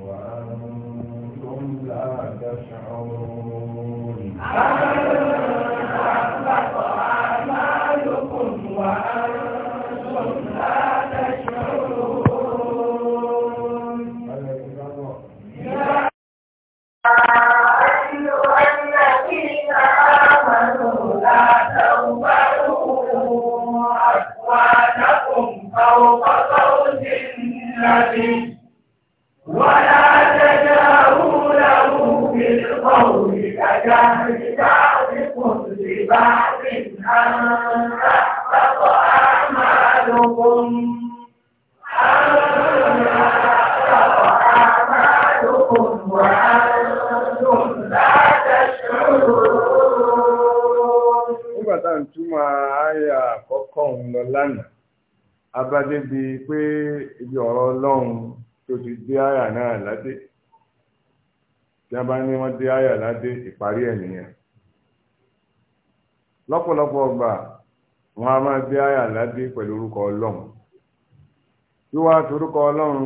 وأنتم لا تشعرون parí ẹ̀ nìyẹn lọ́pọ̀lọpọ̀ ọgbà wọn a máa dé àyà ládé pẹ̀lú orúkọ ọlọ́run wíwá torúkọ ọlọ́run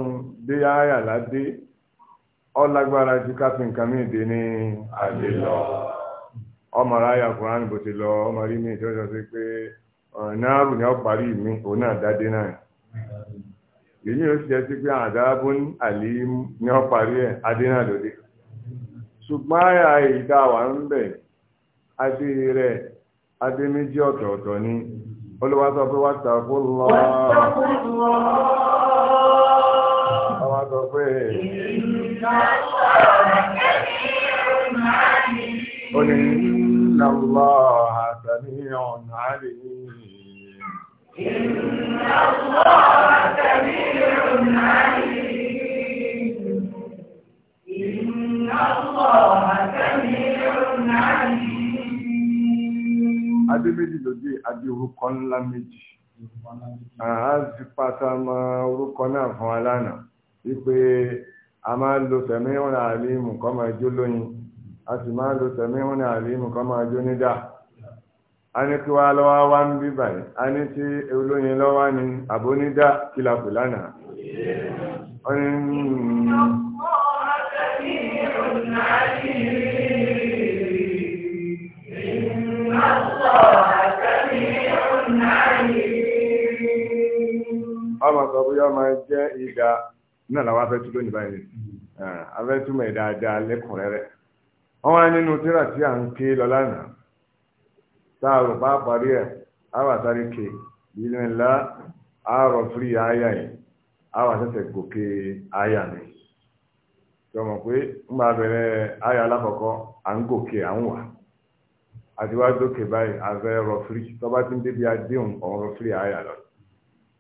dé àyà ládé ọlágbára nǹkan dé ní àdé lọ ọmọ ráyà Kùránì bó ti lọ ọmọ rí mi sí pé ni parí mi òun náà dádé náà èyí sì jẹ́ sí pé àlè ni ṣùgbọ́n àyà ìdáwà ń bẹ̀ àti rẹ̀ àti méjì ọ̀tọ̀ọ̀tọ̀ ni olúwa sọ pé wattaqullah. àwọn sọ pé. ó ní Adé méjì lòdì, adé orúkọ ńlá méjì. Àá ti pátá orúkọ náà fún a máa lo tẹ̀mí ìrìn àlímù kọ́ máa jó lóyin. A sì máa lo tẹ̀mí ìrìn kọ́ máa jó nídà. A ní kí wá lọ́wọ́ wá ń bí báyìí. A ní tí olóyin ni lánàá. Ó hmm, sọ pé yóò jẹ́ ìdá náà làwọn afẹ́ tú lónìí báyìí afẹ́ ah, túmọ̀ ìdá dáa lẹ́kùnrẹ́rẹ́ wọ́n nínú tíra tí a rò bá parí ẹ̀ àwọn àtàrí ké ìlú ńlá àárọ̀ fúri àyà yìí àwọn àtẹ̀tẹ̀ gòkè àyà mi tọmọ pé ń bá bẹ̀rẹ̀ àyà alákọ̀ọ́kọ́ à ń gòkè à ń wà àti wá dókè báyìí àfẹ́ rọ̀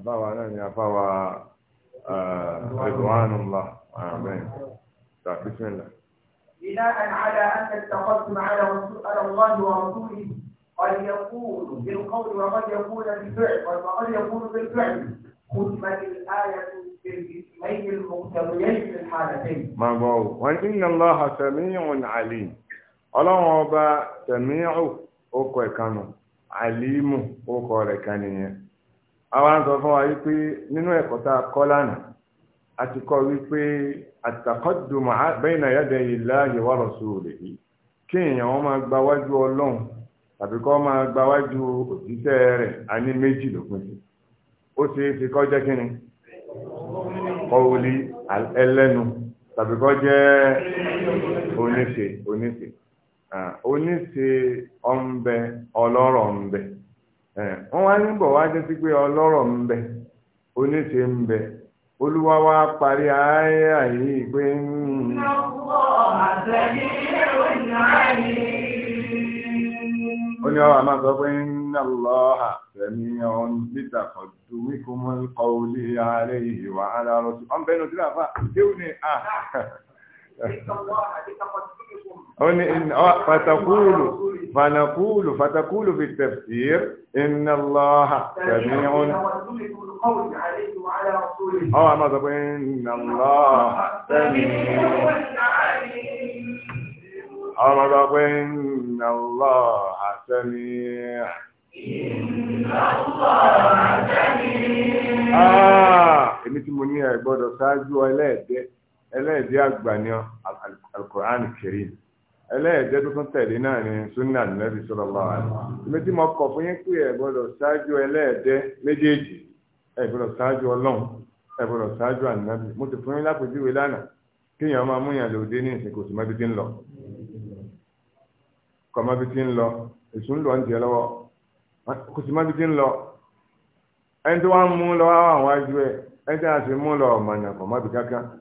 àbáwa náà ni àbáwa Ridwanullah àmín bismillah. بناء على أن التقدم على على الله ورسوله قد يكون بالقول وقد يكون بالفعل وقد يكون بالفعل ختمت الآية بالاسمين المقتضيين في الحالتين. ما هو وإن الله سميع عليم. ọlọ́run ọba tẹ̀míhù ó kọ ẹ̀kanu àlímù ó kọ rẹ̀ kan nìyẹn àwọn ń sọ fún wa wípé nínú ẹ̀kọ́ tá a kọ́ lánàá a ti kọ́ wípé àtàkọ́dùmọ̀ bayna yadayi Allahi wa rasulihi kí èèyàn wọn máa gba wájú ọlọ́run tàbí kọ́ máa gba wájú òjíṣẹ́ rẹ̀ a ní méjì lópin sí ó ṣe é ṣe kọ́ jẹ́ kí ni ọ̀wùlí ẹlẹ́nu tàbí kọ́ jẹ́ oníṣe oníṣe oníṣe ọ̀nbẹ ọlọ́rọ̀ ọ̀nbẹ. wọ́n wá níbọ̀ wá jẹ́ sí pé ọlọ́rọ̀ ń bẹ oluwawa ń bẹ olúwa wá parí ayé àyè pé ń. ó ní ọ̀rọ̀ àmọ́ sọ pé ń lọ́ àtẹ̀mí ọ̀hún níta kan ju إن فتقول فنقول فتقول في التفسير إن الله سميع ان ما سميع إن الله سميع ان ما سميع إن الله سميع إن الله سميع آه إنتي مني يا بودو ساجو ẹlẹ́ẹ̀dẹ́ àgbà ni alukur'an kiri ẹlẹ́ẹ̀dẹ́ tuntun tẹ̀lé náà ni sunna nẹ́bí sallallahu alaihi wasallam ìgbé tí mo fún yín pé ẹ gbọ́dọ̀ ṣáájú ẹlẹ́ẹ̀dẹ́ méjèèjì ẹ gbọ́dọ̀ ṣáájú ọlọ́run ẹ gbọ́dọ̀ ṣáájú ànábì mo ti fún yín lápèjúwe lánàá máa múyàn ní ń lọ ń lọ lọ ń jẹ lọ́wọ́ kò sì mọ́bi tí ń lọ ẹni tó wá ń mú lọ àwọn ẹ ẹni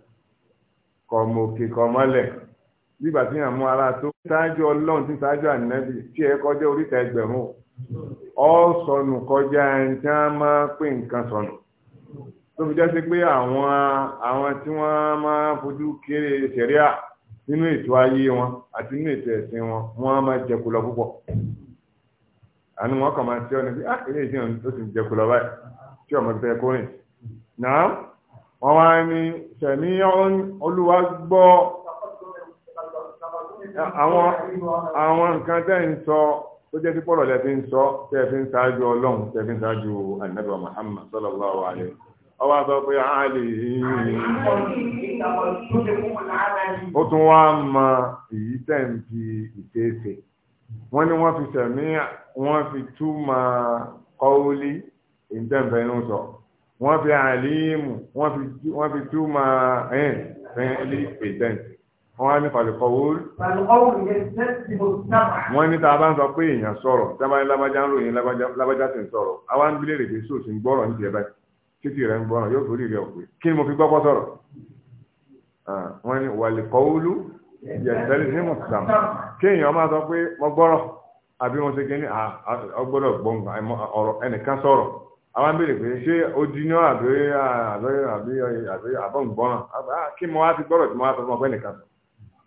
kọ̀mọ̀ òkè kọ̀mọ́lẹ̀ bíbà tí yàn mú ara tó ṣáájú ọlọ́run tí ṣáájú ànábì tí ẹ kọjá oríta ẹgbẹ̀rún ọ sọnù kọjá ẹni tí wọ́n máa pè nǹkan sọnù tó fi jẹ́ sí pé àwọn àwọn tí wọ́n máa fojú kéré sẹ̀ríà nínú ètò ayé wọn àti nínú ètò ẹ̀sìn wọn wọ́n máa jẹku lọ púpọ̀ àánú wọn kàn máa ṣe ọ́ ní bí ah ilé ìṣẹ́ òun tó sì jẹku lọ báyìí tí ọmọ ti fẹ́ kórìn náà wọ́n wá ní sẹ̀mí olúwa gbọ́ àwọn nǹkan tẹ́ ń sọ tó jẹ́ sí pọ́lọ̀ lẹ́fí ń sọ tẹ́fí ń sáájú ọlọ́run tẹ́fí ń sáájú ànábì Muhammad sallallahu alaihi ọwọ́ sọ pé àálì ó tún wá mọ èyí tẹ́ ń fi ìṣeéṣe wọ́n ní wọ́n fi sẹ̀mí wọ́n fi túmọ̀ kọ́wólí èyí tẹ́ ń fẹ́ ń sọ wọ́n fi àlímù wọ́n fi tú máa ẹ̀yìn ẹ̀yìn ilé wọ́n á ní fàlùkọ́wòrú. fàlùkọ́wòrú yẹn tẹ́sí mo sábà. wọ́n ní tá a bá ń sọ pé èèyàn sọ̀rọ̀ tábà ní lábájá ń ròyìn lábájá sì ń sọ̀rọ̀ àwa ń bilé rèé sóò sí ń gbọ́rọ̀ ní tiẹ̀ títí rẹ̀ ń gbọ́rọ̀ yóò torí rẹ̀ ọ̀pẹ kí ni mo fi gbọ́kọ́ sọ̀rọ̀. wọ́n ní wàlùkọ́wòrú yẹn tẹ́sí mo sábà àwọn abèrè pé ṣé ó di ní àbí àbí àbí àbí àbọ̀ngbọ́n kí mo wá ti gbọ́dọ̀ tí mo wá sọ fún ọpẹ́ nìkan sọ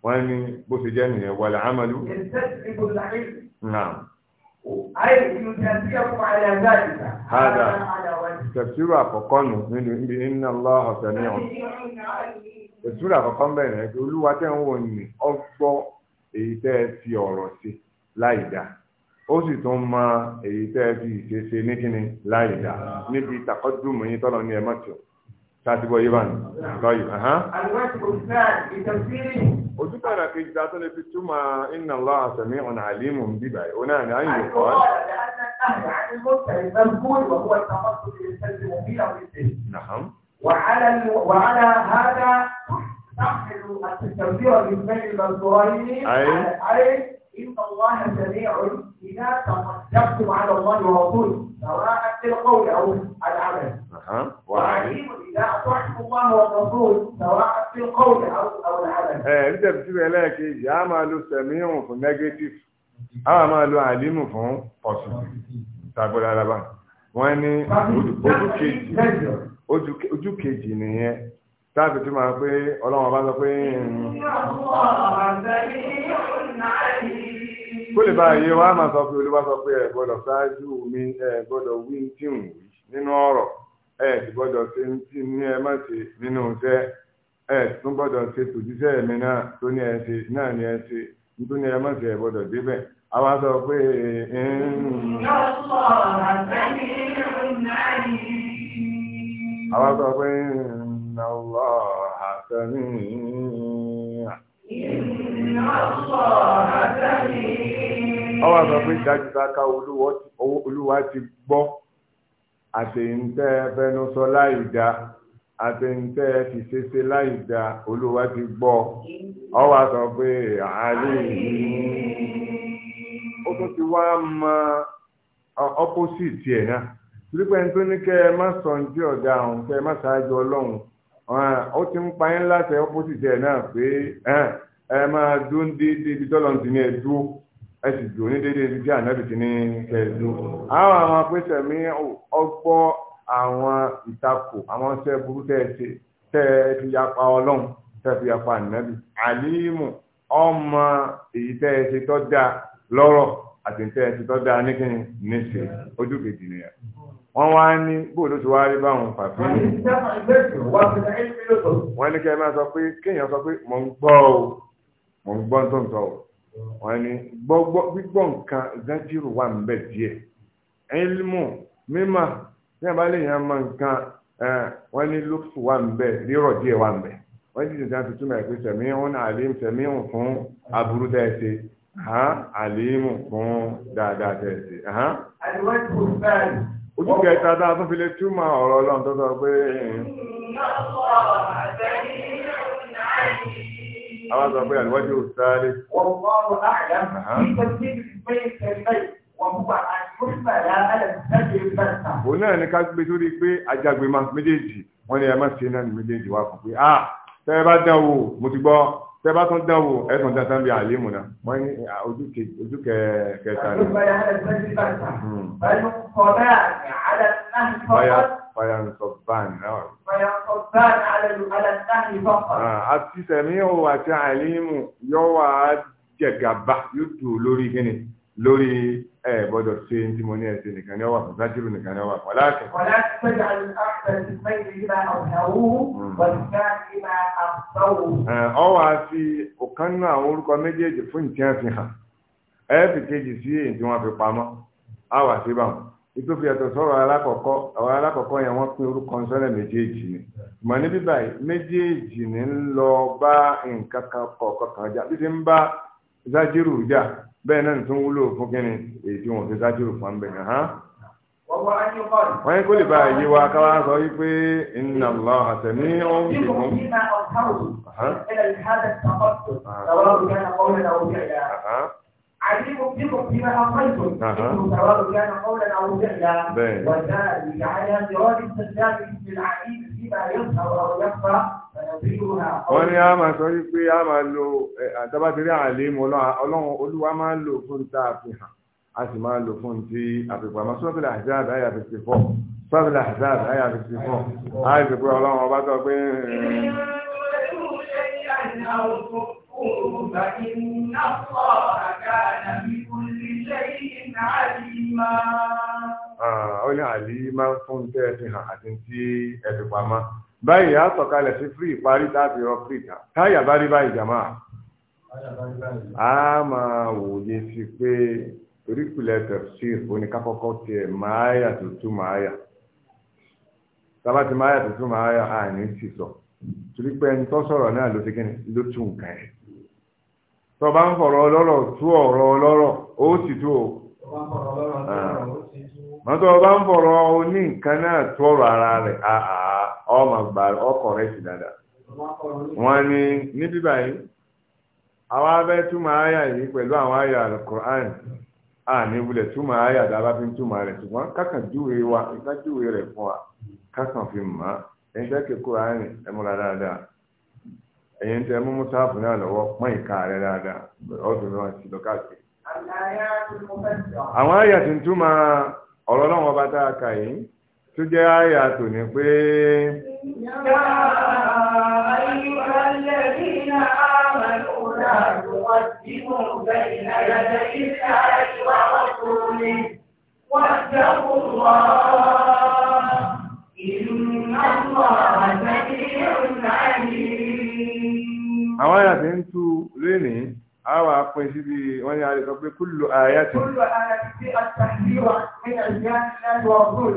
wọ́n ní bó ṣe jẹ́ nìyẹn wàlẹ̀ àmàlú. Hada tẹ̀síwò àkọ́kọ́ nù nínú ibi iná lọ́wọ́ ní ọ̀hún. Tẹ̀síwò àkọ́kọ́ bẹ̀rẹ̀ olúwa tẹ̀ ń wò ní ọgbọ́ èyí tẹ́ ẹ fi ọ̀rọ̀ sí láì dáa. ó sì tún ma èyí tẹ́ ẹ fi ṣe ní kíni láì dá níbi ìtàkọ́dùmọ̀ yín tọ́lọ ní ẹ̀mọ́tì ọ̀ sátìbọ̀ yìí báyìí lọ́yìn. ojú kàrà kejì tá a tó lè fi túmọ̀ àtẹ̀mí ọ̀nà àlímù ń bíbà yìí ó náà ní àyè kọ́. وعلى هذا تحمل التشبيه بالفعل المذكورين أي إن الله سميع إذا توجبتم على الله ورسوله سواء في القول أو العمل. وعليم إذا أطعتم الله والرسول سواء في القول أو أو العمل. إيه أنت بتقول لك إيه يا مالو سميع في نيجاتيف أو مالو عليم في بوزيتيف. تقول على بعض. wọ́n ní ojú kejì ojú kejì nìyẹn táàbì tí máa pé ọlọ́run ọba sọ pé hmm. kó lè bá iye wa máa sọ pé olúwa sọ pé ẹ gbọ́dọ̀ ṣáájú mi ẹ gbọdọ wí tí ń wí nínú ọ̀rọ̀ ẹ ti gbọ́dọ̀ ṣe ń tí ní ẹ má ṣe nínú iṣẹ́ ẹ tún gbọ́dọ̀ ṣe tòjíṣẹ́ mi náà tó ní ẹ ṣe náà ní ẹ ṣe nítorí ní ẹ má ṣe ẹ àwa sọ pé àwa hmm. sọ pé. Hmm. إن الله سميع إن الله سميع ọwọ́ sọ pé dájúdáká olúwa ti gbọ́ àtẹ̀yìntẹ́ fẹnusọ láìda àtẹ̀yìntẹ́ olúwa ti gbọ́ ọwọ́ sọ pé àárẹ̀ yìí ó tún ti wá mọ ọpọ́sìtì ẹ̀ náà torí pé tó ní kẹ́ ẹ má sọ ní tí ọ̀hún kẹ́ ẹ má ṣáájú ó ti ń pa yín láti ọ́pọ́sìtì ẹ̀ náà pé ẹ máa dún déédéé ibi tọ́lọ́ ti ní ẹ dúró ẹ sì dùn ní déédéé ibi tí ànábì ti ní ẹ dúró. àwọn àwọn apẹ́sẹ̀ mi ọgbọ́ àwọn ìtakò àwọn ṣẹ́ burú tẹ́ ẹ ṣe tẹ́ ẹ fi yapa ọlọ́run tẹ́ ẹ fi yapa ànábì àlímù ọmọ èyí tẹ́ ẹ ṣe tọ́ da lọ́rọ̀ àti tẹ́ ẹ ṣe tọ́ da níkẹ́yìn níṣe ojú kejì nìyẹn wọ́n wá ní bó ló ti wá rí báwọn pàtó. wọ́n ní kí ẹ máa sọ pé kéèyàn sọ pé mò ń gbọ́ o mò ń gbọ́ tó ń tọ́ o wọ́n ní gbígbọ́ nǹkan zájírù wà ń bẹ̀ díẹ̀ ẹ̀lmù mímọ̀ ní àbálẹ̀ yẹn mọ nǹkan wọ́n ní lófù wà ń bẹ̀ rírọ̀ díẹ̀ wà ń bẹ̀ wọ́n ti dìjà fi túmọ̀ ẹ̀ pé sẹ̀mí ń àlè sẹ̀mí ń fún aburú dẹ́ ṣe àlè ń fún dáadáa dẹ́ ṣe. àlùwẹ̀ tó bẹ́ẹ̀ ojú kẹta tá a tún fi lè túmọ̀ ọ̀rọ̀ ọlọ́run tó sọ pé. àwọn sọ pé àlùwájú sáré. ọ̀pọ̀ àyà nípa tí ìgbé ìṣẹ̀lẹ̀ òun náà ní ká gbé sórí pé ajágbe máa méjèèjì wọ́n ní ẹ má ṣe náà ní méjèèjì wá fún pé ah tẹ́ ẹ bá dán wò mo ti gbọ́ tẹ bá tún dánwò ẹtùn dandan bí àlímù náà wọn ní ojú kẹta ni. Fàyà hmm. ń sọ báyìí náà. Fàyà ń sọ báyìí alẹ́ lùkọ́lá Àti sẹ̀mí o àti àlímù yóò wá jẹ̀gàba yóò dùn lórí kíni lórí ẹ gbọ́dọ̀ ṣe tí mo ní ẹ̀ṣẹ̀ nìkan ní ọwà hmm. fún sájírù nìkan ní ọwà fún aláàkẹ́. ọ̀la ti pẹ́jà àlùfáà ti pẹ́jà ìgbà ọ̀dàwó wọ̀nyíká ọ fún kejì fi sọ̀rọ̀ alákọ̀ọ́kọ́ alákọ̀ọ́kọ́ yẹn wọ́n orúkọ méjèèjì ni níbí báyìí méjèèjì bẹ́ẹ̀ náà tún wúlò fún kí ni èyí tí wọ́n fi dájú òfin àmì bẹ̀rẹ̀ hàn. wọ́n yín kó lè bá àyè wa káwá sọ wípé inna Allaha sami'un bikum. عليم بكم فيما أقلتم إنه ثواب كان قولا أو فعلا وذلك على صراط السجاد بالعليم wọ́n ní a máa sọ wípé a máa lo àtàbátírí àlèmù ọlọ́run olúwa máa ń lò fún tá a fi hàn a sì máa ń lò fún tí a fi pamọ́ sọ́fìlà àjáàbá àyà fọ́ sọ́fìlà àjáàbá àyà fèsì fọ́ a sì pé ọlọ́run ọba tó pé. فإن الله كان بكل شيء عليما ó ní àlímá fún tẹ́ ẹ̀fin hàn àti tí ẹ̀fin pamọ́ báyìí a sọ̀kalẹ̀ sí fírí ìparí tàbí rọ́pì ìjà táyà bá rí báyìí jàmá a máa wòye sí pé orípìlẹ̀ tafsir oníkákọ́kọ́ tiẹ̀ máa yà tuntun máa yà sábà ti máa yà tuntun máa yà àní sì sọ torí pé ẹni tó sọ̀rọ̀ náà ló ti kí ni ló tún nǹkan ẹ̀. tó bá ń fọ̀rọ̀ ọlọ́rọ̀ tú ọ̀rọ̀ ọlọ́rọ̀ ó sì tú o. Ah. mọ́tò ọba ń fọ̀rọ̀ oní nǹkan náà ọ̀rọ̀ ara rẹ̀ ọmọ gbà ọkọ̀ rẹ̀ sì dáadáa. wọ́n ní ní bíbá yìí àwọn túmọ̀ àyà yìí pẹ̀lú àwọn àyà alukur'an àní wulẹ̀ túmọ̀ àyà fi ń túmọ̀ rẹ̀ ṣùgbọ́n kákan júwe wa kájúwe rẹ̀ fún wa kákan fi mọ̀ ẹ̀ múra ẹ̀yin tẹ mú mùsáàfù náà lọ́wọ́ pọ́n ìka rẹ̀ dáadáa lọ káàkiri. àwọn àyà ọ̀rọ̀ náà bá a yìí tó jẹ́ àyà tò ní pé. ìyá àyíká lẹ́bí náà á máa lò láàrú wọn tí mò ń bẹ ìlànà àìwá wọn tó wọ́n jẹ́ kó wọ́n ìlú náà àwọn àyà tí ń tú lónìí a wà pín sí bí wọ́n ní àríkọ pé kúlù àyà tí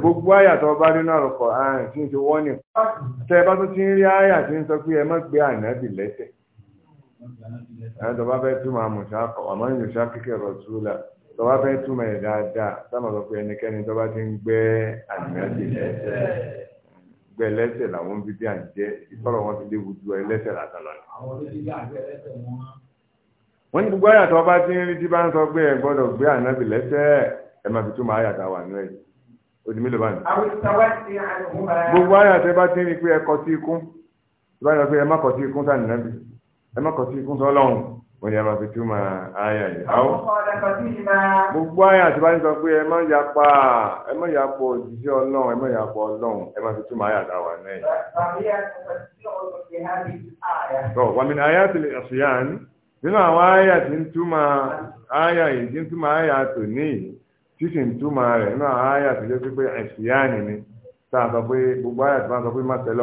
gbogbo àyà tó bá nínú àrùkọ àrùn tí ń ṣe wọ́n ní tẹ́ bá tó ti ń rí àyà tí ń sọ pé ẹ má gbé ànábì lẹ́sẹ̀ ẹni tó bá fẹ́ túmọ̀ àmùsá àmọ́ ìyòṣá kékeré rọ̀ tó bá fẹ́ túmọ̀ ẹ̀ dáadáa sábà sọ pé ẹnikẹ́ni tó bá ti ń gbé ànábì lẹ́sẹ̀ gbẹ ẹlẹ́sẹ̀ làwọn bíbí à ń jẹ́ ìtọ́rọ̀ wọn ti léwu ju ẹlẹ́sẹ̀ làtà lọ. wọ́n ní gbogbo àyàtọ̀ ọba tí ń rí tí bá ń sọ pé ẹ gbọ́dọ̀ gbé ànábì lẹ́sẹ̀ ẹ máa fi túmọ̀ àyàtà wà nú ẹ̀ odi mélòó bá ní. gbogbo àyàtọ̀ bá ti ń rí pé ẹ kọ sí ikún bá ń pé ẹ má kọ sí ikún sáà nìyẹn ẹ má kọ sí ikún sọ́lọ́run wọ́n yà máa fi túmọ̀ àyà yìí. àwọn gbogbo àyà tí bá ń sọ pé ẹ má yà pa ẹ má yà pọ̀ òjíṣẹ́ ọlọ́run ẹ má yà pọ̀ ọlọ́run ẹ má fi túmọ̀ àyà dáwà náà. sọ wàmí ni àyà ti lè ṣìyà ní nínú àwọn àyà tí ń túmọ̀ àyà yìí tí ń túmọ̀ àyà tò ní tí sì ń túmọ̀ rẹ̀ nínú àwọn àyà tí lè fi pé ẹ̀ṣìyà ni ni tá a sọ pé gbogbo àyà tí bá sọ pé má tẹ̀lé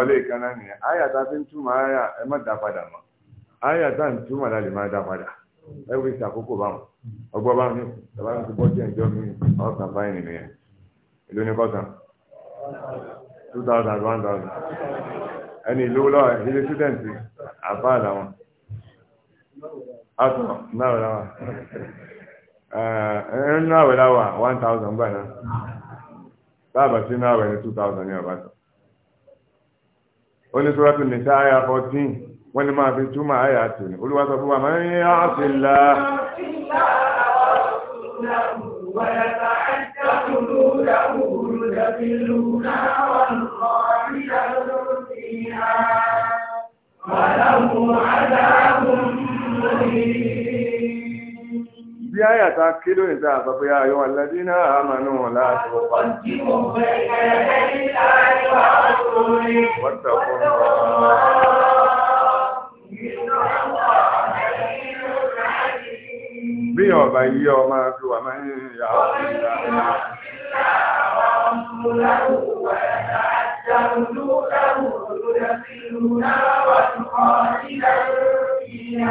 ọ̀rọ̀ kan náà nìyẹn àyà a fi ń túmọ̀ àyà ẹ má dá padà mọ́ àyà tá à ń túmọ̀ la lè má dá padà ẹ wí sí àkókò báwọn ọgbọ́n báwọn ní bàbá mi ti bọ́ jẹ́ ìjọ mi ọ̀sán fáìní nìyẹn ìlú ní kọ́sán two thousand one thousand ẹni ìlú lọ́wọ́ ilé sídẹ̀ǹtì àbá làwọn àtọ̀ náà làwọn ẹ̀ẹ́n náà wẹ̀ láwà one thousand gbà náà bá àbàtí náà wẹ̀ ní two thousand ní ọ̀bá oníṣòwòtò nìṣẹ́ àyà fourteen wọ́n ní máa fi túmọ̀ àyà tò ní olúwa sọ fún wa máa ń yẹ àfìlà. ولهم عذاب مهين bí àyà ta kí ló ń ta àpapọ̀ yà yọ àlàdé náà àmànú láti wọ́pá. wọ́n tàkùn náà bí ọba yí ọmọ fi wà máa ń yà ọ́ sí ìlà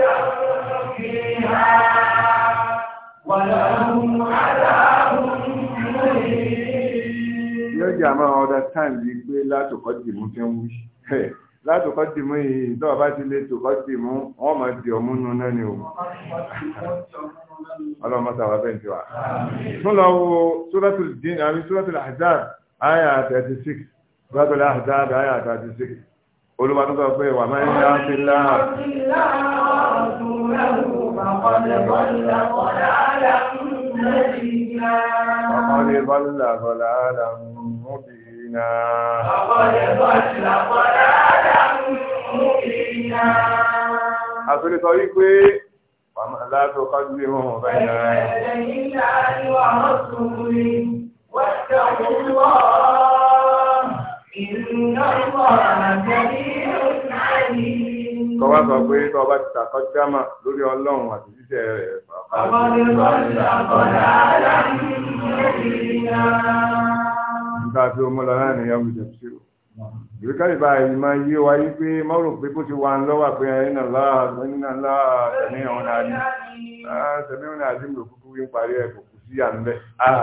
yóò jẹ́ àmọ́ ọ̀dà táìm yìí pé látòkọ́ dìmú fẹ́ ń wí látòkọ́ dìmú yìí tó ọba ti lè tòkọ́ dìmú wọ́n máa di ọmú nù náà ni o ọlọ́mọta wà bẹ́ẹ̀ ti wà. tún lọ wo suratul dín àmì suratul ahzab àyà thirty six suratul ahzab àyà thirty six olúwa tó sọ pé wà máa ń dá sí láà. Ọ̀pọ̀lẹ̀ bọ́lá bọ́lá àdá mú bí iná. Ọ̀pọ̀lẹ̀ bọ́lá bọ́lá àdá mú bí iná. Àtúntò wípé látò kọjú bí wọn bá yẹn rẹ̀. Ẹ̀yìn láàrin wà mọ́tò rí, wọ́n tẹ̀wọ́ Kọ́ wá sọ pé tọ́ bá ti tàkọ́ jámà lórí ọlọ́run àti jíṣẹ́ rẹ̀. Nígbà tí ó mú lọ náà nìyẹn wùjẹ̀ sí o. Ìwé káyì báyìí máa yé wa yí pé mọ́rò pé bó ti wà ń lọ́wà pé ẹ̀yìn aláàbò ní aláàbò tẹ̀mí ọ̀nà àdínlò kúkú ń parí ẹ̀kọ́ kù sí à ń bẹ̀. Ah,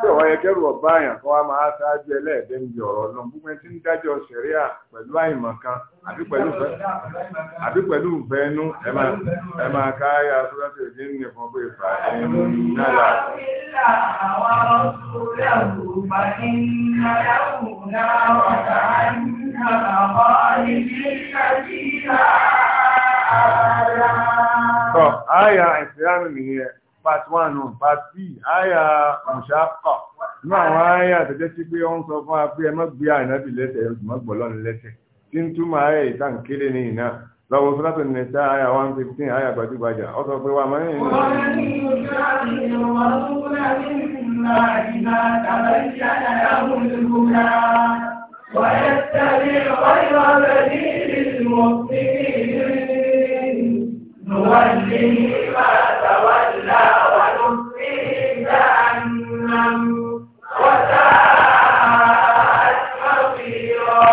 Ṣé ọ̀wá ẹ̀kẹ́rù ọ̀bá àyàn kan wá máa ṣáájú ẹlẹ́ẹ̀dẹ́ ń di ọ̀rọ̀ lọ? Gbogbo ẹni tí ń dájọ́ ṣẹ̀ríà pẹ̀lú àìmọ̀ kan àbí pẹ̀lú ìfẹ́nú ẹ máa pé ẹ̀mú tọ́ àyà ìsìlámù nìyẹn part one nù part two àyà mùsàkọ̀ inú àwọn àyà tẹ̀jẹ́ sí pé wọ́n sọ fún wa pé ẹ má gbé ànábì lẹ́sẹ̀ ẹ má gbọ́ lọ́nà lẹ́sẹ̀ tí ń túmọ̀ àyà ìtàn kéré ní ìná lọ́wọ́ sọ́dọ̀tò nìta àyà one fifteen àyà gbajúgbajà ọ sọ pé wà máa ń yìn. wọ́n ní ìgbà tí wọ́n ń gbà nígbà ìgbà tàbí ìṣàyà ìgbà ويتبع غير سبيل المؤمنين نوليه ما تولى ونصيه جهنم وساءت مصيرا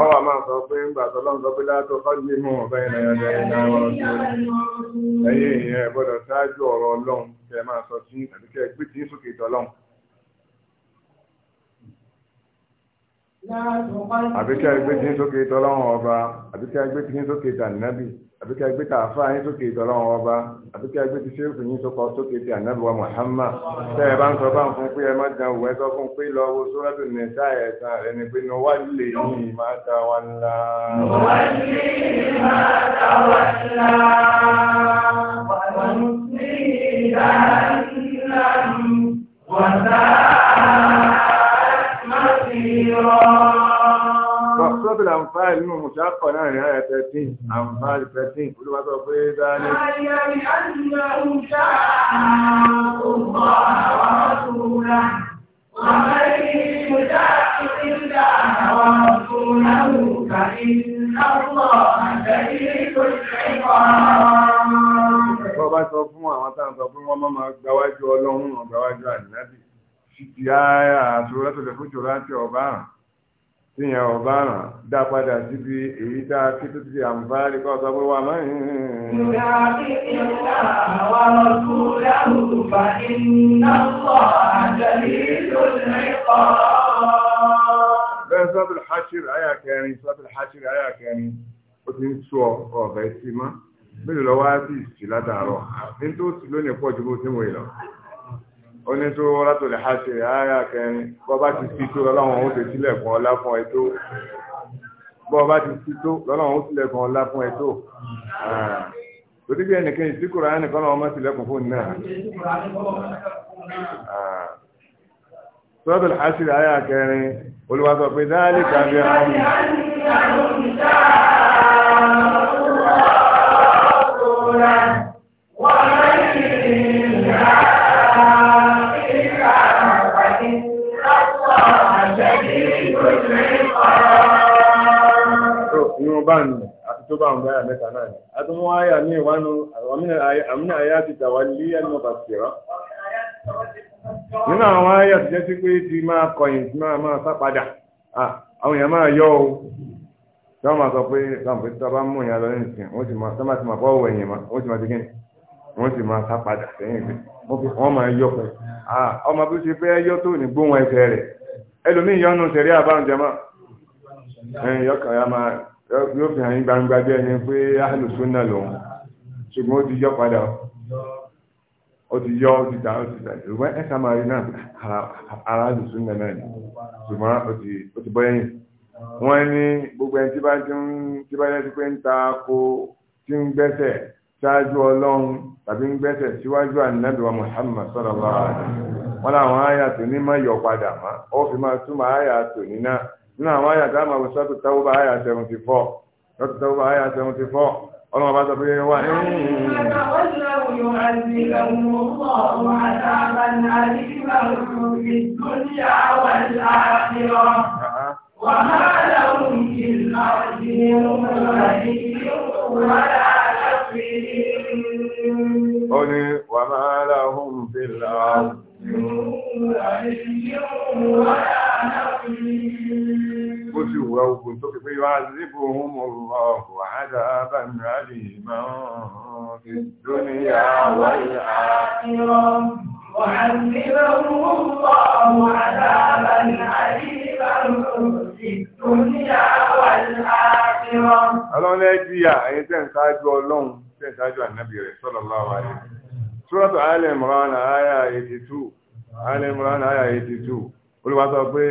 هو ما صوبين بعد الله صوب لا تقدموا بين يدينا ورسولنا ẹ̀yin ìyẹn gbọ́dọ̀ ṣáájú ọ̀rọ̀ Ọlọ́run kẹ́ máa sọ sí àbíkẹ́ gbé tí ń sókè tọlọ́run àbíkẹ́ ẹgbẹ́ tí ń sókè tọ́lọ́wọ́n ọba àbíkẹ́ ẹgbẹ́ tí ń sókè tànàbì àbíkẹ́ ẹgbẹ́ tí àfáà yín sókè tọ́lọ́wọ́n ọba àbíkẹ́ ẹgbẹ́ tí sẹ́fù yín sókè sókè tí ànábì wa tẹ́ ẹ bá ń sọ bá ń fún pé ẹ má dán òwe sọ fún pé lọ wo sórẹ́tò ní ẹ̀ka ẹ̀sán rẹ ni pé ní wà lè ní máa ta wà ńlá. wà lè máa ta wà ńlá wà ní ìdá ńlá Sọ́bìlì àǹfààlì nínú mùsàkọ̀ náà ní àyà 13, àǹfààlì 13, olúwàtọ̀ pé dáadé. Àyàrí àjíyà ń ṣáà ọmọ àwọn ọ̀túnlá, wà mẹ́rin ìmúdá ìrìnlá àwọn ọ̀túnlá mú kàrí lọ́pọ̀ àjẹ́ ìrìnkò ìṣẹ́ títí ayá àtúrọ́ tó lè fójú láti ọ̀báràn tí yẹn ọ̀báràn dá padà síbi èyí tá a kí tó ti àǹfààní kọ́ sọ pé wà máa ń rìn. ìyá ìyá àwa lọ sùn láwùjọ bá iná sọ àjẹlí lónìí kọ́. bẹ́ẹ̀ sọ́bìlì hashir ayà kẹrin sọ́bìlì hashir ayà kẹrin ó ti ń sọ ọ̀bẹ sí mọ́ mélòó lọ́wọ́ á sì sí látàárọ̀ ní tó sì lónìí pọ̀ ju bó ti mú ìlọ onítò látòlẹ̀ àṣẹ ààrẹ akẹrin bọ́bá ti sí tó lọ́lọ́wọ́n ó ti sílẹ̀ kan ọlá fún ẹ tó bọ́bá ti sí tó lọ́lọ́wọ́n ó sílẹ̀ kan ọlá fún ẹ tó lórí ah. bí ẹnìkan ìsí Kùránì kọ́ lọ́wọ́ mọ́sílẹ̀kùn fún náà ah. sọ́tòlẹ̀ àṣẹ ààrẹ akẹrin Olúwa sọ pé dáálì tàbí àwọn ọmọ báyìí àti tó báyìí báyà mẹ́ta náà ni a àyà ní ìwánu àmúnà àyà ti tàwa lé ẹnu bàtìrọ. nínú àwọn àyà ti jẹ́ sí pé ti máa kọyìn tí máa máa sá àwọn èèyàn máa yọ o tí wọ́n sọ pé tí wọ́n bá mú ìyá lọ ní ìsìn wọ́n ti máa sábà ti máa wọ́n ti máa ti wọ́n ti máa sẹ́yìn wọ́n máa yọ pẹ́ ọmọ bí yóò fi hàn gbangba bí ẹni pé ahlu sunna lòun ṣùgbọ́n ó ti yọ padà ó ti yọ ó ti dá ó ti dá ṣùgbọ́n ẹ sàmárì náà ara ahlu sunna náà ni ṣùgbọ́n ó ti bọ́ ẹ̀yìn wọ́n ní gbogbo ẹni tí bá ti ń tí bá yẹ ti pé ń ta ko tí ń gbẹ́sẹ̀ ṣáájú ọlọ́run tàbí ń gbẹ́sẹ̀ síwájú ànábìwá Muhammad sallallahu alaihi wasallam wọn làwọn àyà tòní má yọ padà má ó fi máa túmọ̀ àyà tòní náà nínú àwọn àyà tá a máa wọ sọ́tò táwọ́ bá àyà seventy four sọ́tò táwọ́ bá àyà seventy four ọlọ́run bá sọ pé wà ní. Ó ní wàhálà òun fi lọ. Bó sì wà ogun tó pípé wá síbò ohun mọ̀ ọ̀pọ̀ àádá bá ń fi dúníyà wáyé àkírọ̀. وعذبهم الله عذابا عليما في الدنيا والآخرة. Ọlọ́run ẹjí ń Ali Imran àyà 82 olúwa sọ pé.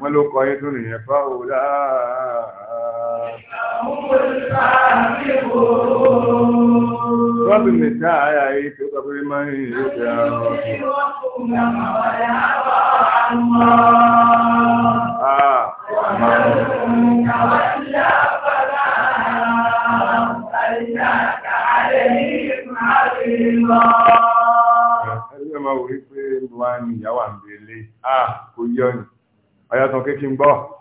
wọ́n ló kọ́ yín tó nìyẹn fáwọn ọ̀la. Rọ́bì nìta àyà yìí tó kàbírí máa ń yìí ó jẹ́ àrùn. Ah, máa Ẹgbẹ́ máa wò wípé ìlú wa ni ìyàwó àmì ilé. Ah, kò yọ ni. Ọyá tán kékin gbọ́.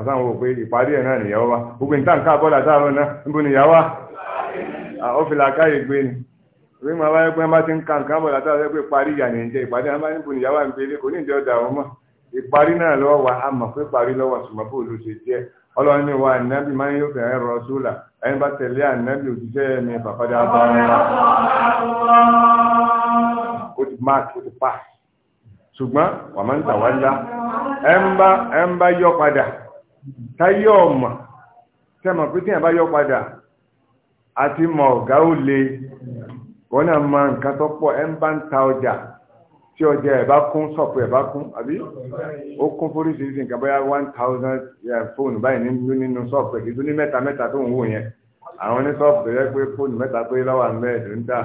asa òpè ìparí ẹ̀ náà nìyàwó wa gbogbo nǹkan ká bọ́ọ̀lù àtàwọn náà níbo nìyàwó wa ó fi ni orí ma wáyé pé wọ́n ti ń ka nǹkan bọ́ọ̀lù àtàwọn ẹgbẹ́ ìparí ìyà nìjẹ́ ìpàdé àwọn níbo nìyàwó wa ń gbélé kò ní ìjọ dà wọ́n mọ́ wa a mọ̀ pé parí lọ́wọ́ ṣùgbọ́n bó ló ṣe jẹ́ ọlọ́run ní wa ànábì máa ń yóò fẹ̀rẹ̀ rọ sólà ẹni bá tẹ̀lé mi mark táyé ọ̀mà tẹ́mọ̀ pé tíyàn bá yọ padà àti mọ̀ ọ̀gá ó le wọ́n náà máa nǹkan tó pọ̀ ẹ̀ ń bá ń ta ọjà tí ọjà ẹ̀ bá kún ṣọ̀pù ẹ̀ bá kún àbí ó kún fóríṣiríṣi nǹkan bóyá one thousand fóònù báyìí nínú nínú ṣọ̀pù ẹ̀ kí tó ní mẹ́ta mẹ́ta tó ń wò yẹn àwọn ní ṣọ̀pù tó yẹ pé fóònù mẹ́ta pé lọ́wọ́ mẹ́ẹ̀ẹ́dùn ń tà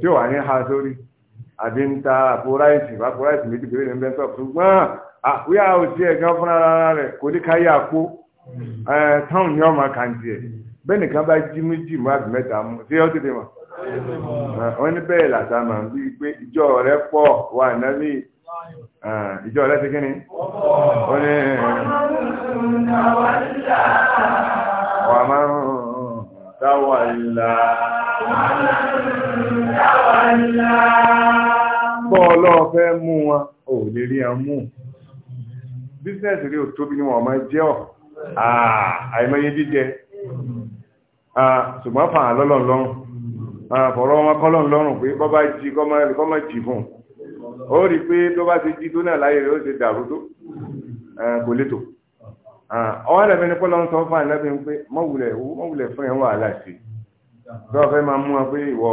tí ò wà ní ha sórí àbí ń ta àpò ráìsì àpò ráìsì méjì péré ní bẹ́ẹ̀ ṣọ̀pù ṣùgbọ́n àkúyà òtí ẹ̀gán fúnra rárá rẹ̀ kò ní káyé àpó hmm. eh, táwọn ní ọmọ kàǹtì ẹ̀ hmm. bẹ́ẹ̀ nìkan bá jí méjì mú àbí mẹ́ta mú sí ọ́ tètè mọ̀ hmm. eh, wọ́n ní bẹ́ẹ̀ làtà máa ń bí pé ìjọ rẹ̀ pọ̀ wà nábì eh, ìjọ rẹ̀ ti kí ni ó ní wà máa ń dáwàlá bọ́ọ̀lọ́ fẹ́ mú wọn ò lè rí wọn mú bísínẹ́sì rí òtóbi ni wọ́n máa jẹ́ ọ̀ ah, àìmọye jíjẹ ah, ṣùgbọ́n fà á lọ́lọ́n lọ́rùn ah, fọ̀rọ̀ ọmọ kọ́lọ́n lọ́rùn pé bọ́ bá jí kọ́ máa jì fún un ó rí i pé tó bá ti jí tó náà láyé rẹ̀ ó ti dàrú tó eh, kò létò ọwọ́ rẹ̀ mi ni kọ́lọ́n sọ fún àná bí pé mọ̀wulẹ̀ mọ̀wulẹ̀ fún ẹ̀ ń wà láti tó o fẹ́ máa mú wọn pé ìwọ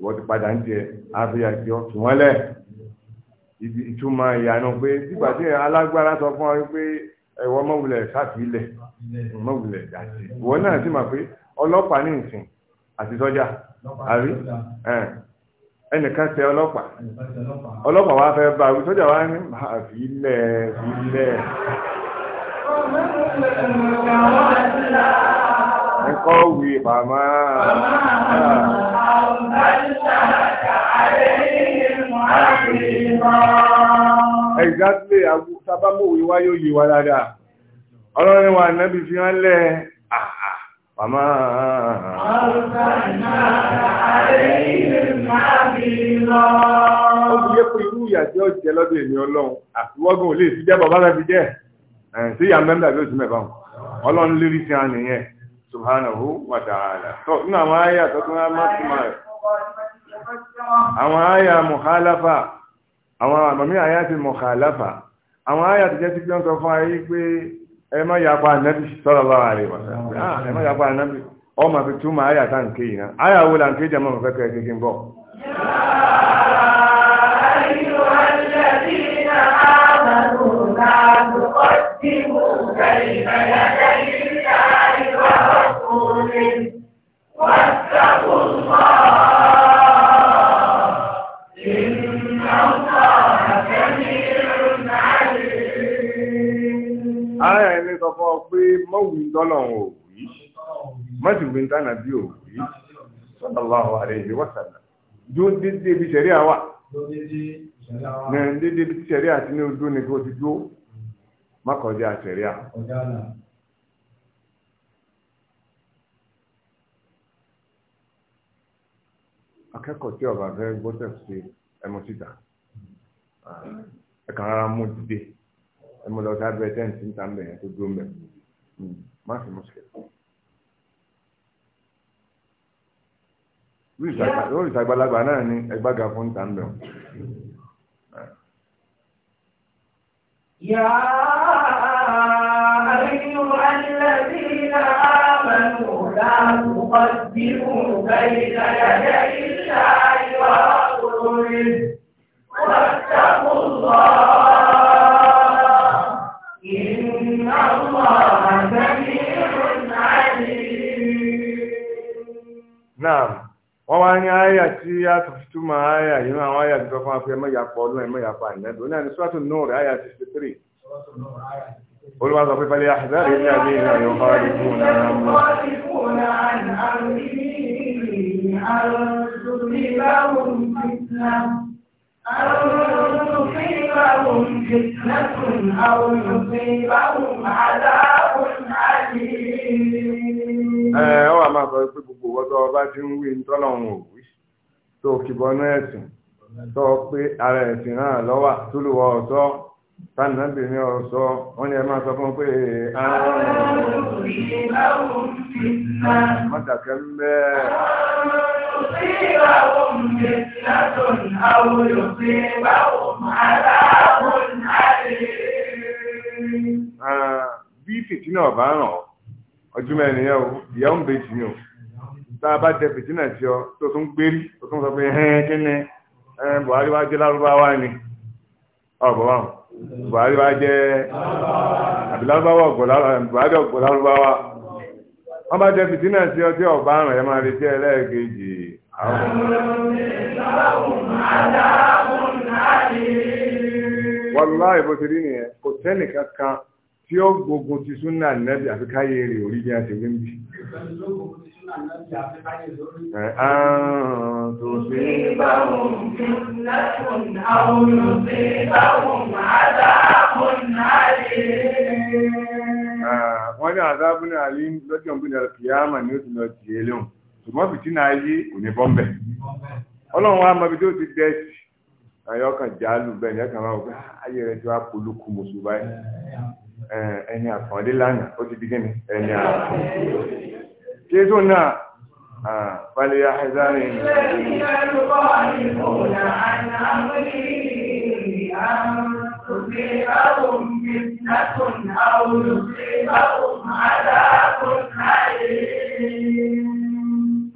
ìwọ ti padà ń jẹ àfihàn ìjọ ìtumọ̀ ìyànà pé nígbà tí alágbára sọ fún ọ pé ẹ̀wọ́ mọ̀wulẹ̀ sáfìlẹ̀ mọ̀wulẹ̀ dàtí ìwọ náà sì mà pé ọlọ́pàá ní ìsìn àti sọ́jà àrí ẹnìkan tẹ ọlọ́pàá ọlọ́pàá wa fẹ́ bá sọ́jà wa ní àfilẹ̀ filẹ̀. ẹ̀kọ́ wí pàmò àwọn ọ̀gá ìṣàkà àrẹ yìí. Exactly, sábàmùwé wá yóò yí wa dada Ọlọ́run wa nábì fi hàn lẹ́ àà pàmà. Ó ha. yẹ pé irú ìyà tí ó jẹ lọ́dọ̀ èmi ọlọ́run àtiwọ́gùn ò lè fi jẹ́ bàbá láti jẹ́. Sí ìyá mẹ́mbà bí ó ti mẹ́fà hàn. Ọlọ́run lérí sí hàn ha Subhanahu wa ta'ala. Tọ́ nínú àwọn ayé àtọ́kùnrin ha má sí àwọn àyà mọ̀hálàfà àwọn àmàmí àyà ti mọ̀hálàfà àwọn àyà ti jẹ́ ti gbọ́n sọ fún ayé pé ẹ má yapa ànábì sallallahu na wasallam ah, ẹ má yapa ànábì ọmọ fi túmọ̀ àyà tá nké yìí náà àyà wo là nké jẹ́ mọ́ fẹ́ kẹ́ kékeré bọ̀. Thank you. wí tọ́lọ́run ò wí tánà bí ò wí sallallahu alaihi wa dédé bí sẹ̀rí àwà dédé bí sẹ̀rí àti ní ojú ni ti dúró mọ́kànjá sẹ̀rí à. akẹ́kọ̀ọ́ tí ọba fẹ́ gbọ́dọ̀ ṣe ẹmu síta rárá mú ẹmu lọ tẹ́ǹtì mbẹ̀yẹn tó dúró mbẹ̀yẹn. ما في مشكلة lórí ìtàgbàlagbà náà ni ẹgbága fún ìtàǹbẹ̀ wọn. Yàá àríyù alẹ́bí náà mẹ́nu láàrùkọ́ bí mú bẹ́ẹ̀ ìdáyàjẹ́ ìṣà ìwà orí. Wọ́n ṣàkóso Náà, wọ́n wá ní àyà tí a fi túmọ̀ àyà yìí náà àwọn àyà tó fún afẹ́ mẹ́yàpọ̀ ọdún ẹ̀mẹ́yàpọ̀ àìnẹ́dùn náà ní Sọ́tù Nóò rẹ̀ àyà 63. Olúwa sọ pé fẹ́lẹ́ àṣìdáre ní àbí ìlànà yóò fara lè fún un náà mọ́. Àwọn أو تصيبهم فتنة أو يصيبهم عذاب ẹ ọ wà máa sọ pé gbogbo owó ọba ti ń wí ntọ́lọ́run ò wí tó kìbọnú ẹ̀sìn tó pé ara ẹ̀sìn náà lọ́wà tólùwọ́ ọ̀tọ́ tánàbìnrin ọ̀sọ́ wọ́n ní ẹ máa sọ fún pé àwọn أو يصيبهم bí fìtínà ọba ràn ọ mẹ́rin yẹn o ìyá ń bẹ o tá a bá jẹ fìtínà sí ọ tó tún gbérí tó tún sọ pé hẹ́n kí ni Buhari wá jẹ lárúbáwá ni ọ̀bọ̀ báwọn Buhari wá jẹ àbí lárúbáwá Buhari ọ̀gbọ̀ lárúbáwá wọ́n bá sí ọ tí ọba ràn máa retí ẹlẹ́ẹ̀kejì wàláì bó ti rí nìyẹn kò sẹ́nì kankan tí ó gbógun ti súnà nẹ́bí àfi káyé rè orí bí a ṣe wí níbi. Ah, ah, wọ́n ní àdáàbùn náà lè lọ́jọ́ ìgbìyànjú kìí ní ó ti lọ Ṣùgbọ́n bìtínà ayé kò ní bọ́m̀bẹ̀ ọlọ́run wa mọ ibi tó ti dẹ́ sí àyọ́ kan jálù bẹ́ẹ̀ ni ẹ̀ máa wọ pé ah, ayé rẹ̀ ti wá polúkú mùsùlùmí báyìí ẹni àkàndé lánàá ó ti di kíni ẹni àkàndé jésù náà falẹ̀ àìsàn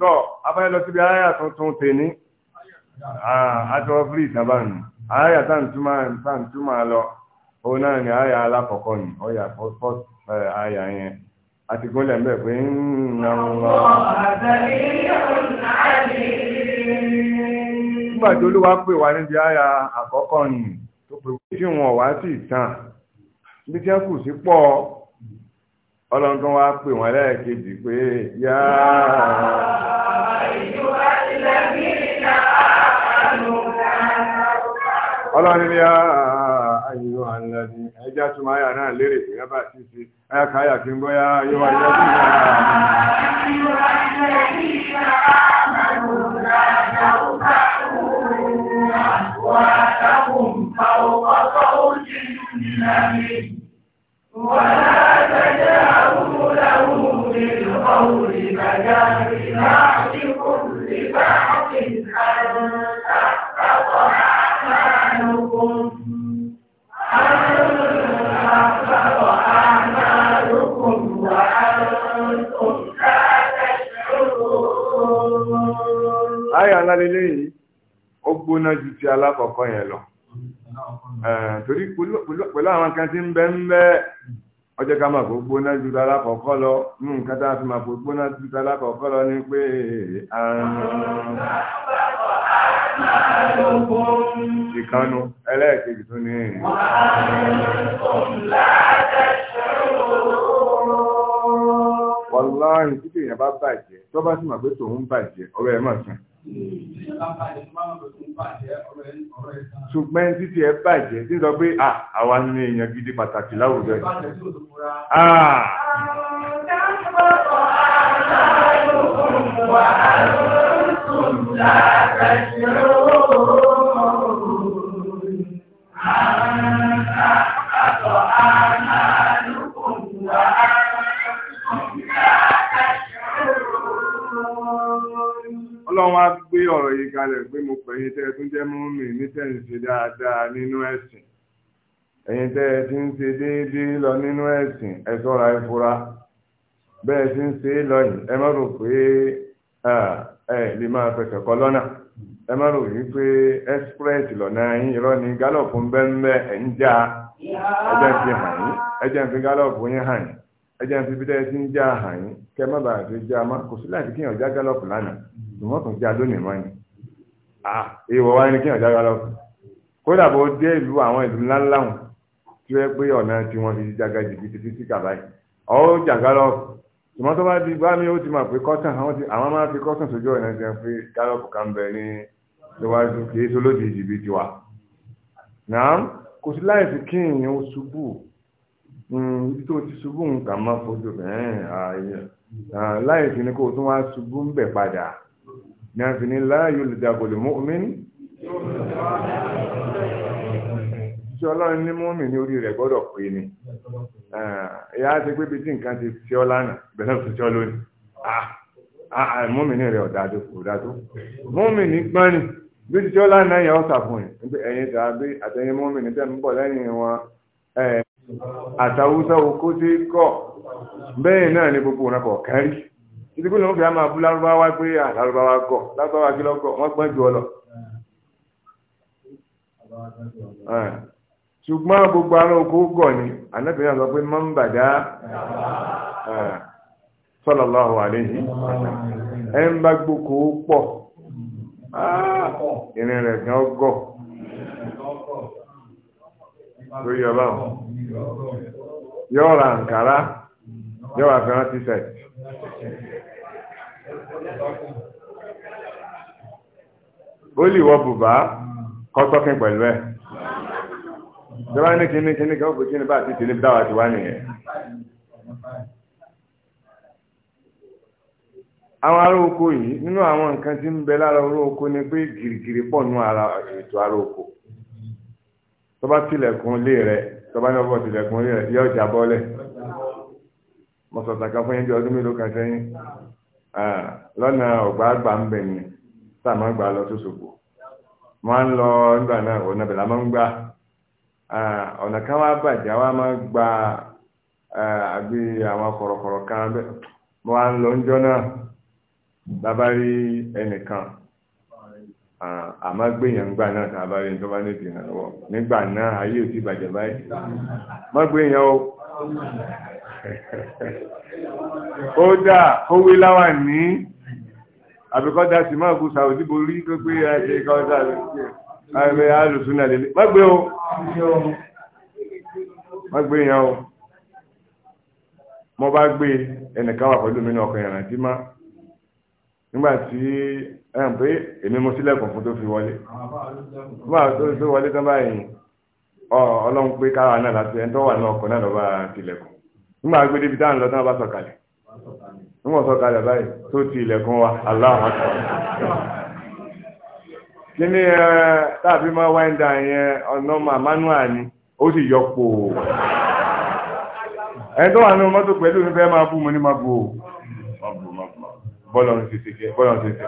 Tọ́, abáyé lọ síbi ayá tuntun tè ní àtọ́ fírí ìtàbánu àyà tàǹtúmà lọ òun náà ni àyà alákọ̀ọ́kọ́ ni ọ̀yà first àyà yẹn àti gúnlẹ̀ ń bẹ̀ pé ń na wọn. nígbà tí olúwa pè wá níbi àyà àkọ́kọ́ ni tó pè wá tí wọn wá sí ìtàn bí tí wọn kù sí pọ̀ ọlọ́run wá pè wọ́n lẹ́ẹ̀kejì pé yáa ọlọ́run ni ayò àlàdì ẹjá tó máa yà náà lérè ìyá bá ti ṣe ayàkáyà kí n bóyá ayò àlàdì náà àkọ́kọ́ yẹn lọ torí pẹ̀lú àwọn kan tí ń bẹ ń bẹ ọjọ́ ká máa gbogbo náà ju tara kọ̀ọ̀kọ́ lọ mú nǹkan tá a fi máa gbogbo náà ju tara kọ̀ọ̀kọ́ lọ ni pé ìkanu ẹlẹ́ẹ̀kejì tó ní wàláhì títí èèyàn bá bàjẹ́ tó bá sì gbé tòun bàjẹ́ ọ̀rọ̀ ẹ̀ máa ṣùgbọ́n títí ẹ bàjẹ́ tí ń sọ pé àwa ní èèyàn gidi pàtàkì láwùjọ ẹ̀. Àwọn akọ̀ àná. ọlọ́run wá gbé ọ̀rọ̀ yìí kalẹ̀ pé mo pè yín tẹ́ tún jẹ́ mọ́mì ní tẹ̀sí dáadáa nínú ẹ̀sìn ẹ̀yin ti ń ṣe lọ nínú ẹ̀sìn ẹ ṣọ́ra ẹ fura bẹ́ẹ̀ ti ń ṣe é lọ yìí ẹ má rò pé ẹ lè máa fẹsẹ̀ kọ lọ́nà ẹ má rò pé express lọ́nà yín irọ́ ni ń bẹ́ ń bẹ́ ẹ̀ ń já ẹjẹ́ fi hàn yín ẹjẹ́ fi yín hàn yín ẹjẹ́ fi bí ìwọ́n tún já lónìí mọ́ ni ìwọ̀ wá ní kí ọ̀já ga lọ kódà bó dé ìlú àwọn ìlú ńláńlá wọn tí ó yẹ pé ọ̀nà tí wọ́n fi jága jìbìtì títí kàbá yìí ọ̀ jàgá lọ ìmọ̀ tó bá di bá mi ó ti máa pé kọ́tàn àwọn máa fi kọ́tàn sójú ọ̀nà tí wọ́n fi gálọ́pù kan bẹ̀ ní lọ́wọ́dún kì í solódì jìbìtì wa. náà kò sí láì kí ìyẹn ó ṣubú hmm, ibi tó ti ṣubú nǹkan máa fojú bẹ́ẹ̀ láì ni kó tún wá ṣubú ń bẹ̀ padà ní a fi ní láàyò lè dàbòlè mọ́mìnì tí ọlọ́run ní mọ́mìnì orí rẹ̀ gbọ́dọ̀ pé ni ìyá ti pé bí tí nǹkan ti fi ọ́ lánàá bẹ̀rẹ̀ fi tí ọ lónìí ah, ah, ah, mọ́mìnì rẹ̀ ọ̀dàdó ọ̀dàdó mọ́mìnì gbọ́n ni bí tí ọlá náà yẹn ọ̀sà fún yìí ẹ̀yin tàbí àtẹ̀yìn mọ́mìnì tẹ̀ ń bọ̀ lẹ́yìn wọn àtàwùsà okó tí kọ̀ bẹ́ẹ̀ náà ni gbogbo òun náà kọ̀ títí pé lọ́wọ́ fi máa bú lárúbáwá pé lárúbáwá gọ̀ lárúbáwá kí lọ́gọ̀ wọ́n gbọ́n jù ọ lọ. ṣùgbọ́n gbogbo ara oko gọ̀ ni anábìyàn sọ pé mọ́ ń bàdá sallallahu alayhi ẹ̀ ń bá gboko pọ̀ ah, ìrìn rẹ̀ gan gọ̀ lórí ọba wọn yóò ra nkàrá yóò wà fẹ́ràn tíṣẹ̀tì ó lè wọ bùbá kọ́tọ́kín pẹ̀lú ẹ̀ ìjọba ní kíní kíní kan kò kíní bá àti tìlé dáwà ti wá nìyẹn àwọn ará oko yìí nínú àwọn nǹkan tí ń bẹ lára ará oko ni pé gìrìgìrì pọ̀ nú ara ètò ará oko tó bá tilẹ̀kùn lé rẹ̀ tó bá ní ọgbọ́n tilẹ̀kùn lé rẹ̀ yóò jábọ́lẹ̀ mọ̀sọ̀tàkà fún yẹn bí ọdún mélòó kan sẹ́yìn lọ́nà ọ̀gbà ń bẹ̀ yẹn tá a máa ń gbà lọ sóṣogbo wọ́n á ń lọ nígbà náà ọ̀nà bẹ̀rẹ̀ a máa ń gbà ọ̀nà kan wá bàjẹ́ wá máa ń gba àbí àwọn kọ̀rọ̀kọ̀rọ̀ kan wọ́n á ń lọ náà bàbá rí ẹnìkan àmọ́ náà tá a bá rí ní tó bá nídìí náà wọ̀ nígbà náà ayé ò ti bàjẹ́ báyìí o. ó dà kówé láwà ní àbíkọ́dá sí máa bú sàwọ́dí borí tó pé ẹ̀ṣẹ́ ìkọ́dá rẹ̀ alùsùn àlèlè mọ́gbé o mọ́gbé yẹn o mọ́ bá gbé ẹnìkan wà pẹ̀lú mi ní ọkọ̀ ìrìnàjí má nígbà tí ẹ̀hàn pé èmi mo sílẹ̀kùn fún tó fi wọlé nígbà tó wọlé tán báyìí ọlọ́run pé káwa náà láti ẹni tó wà ní ọkọ̀ náà lọ́ba tilẹ̀kùn nígbà gbé débi táwọn lọ tán bá sọ̀kalẹ̀ nígbà sọ̀kalẹ̀ báyìí tó ti ilẹ̀kùn wa aláwọ̀ kí ni tàbí máa wáńdà yẹn ọ̀nà manua ni ó sì yọ pòó ẹni tó wà nínú mọ́tò pẹ̀lú ìfẹ́ máa bú mo ní máa bú o bọ́lọ̀ ń ṣe ṣe bọ́lọ̀ ń ṣe ṣe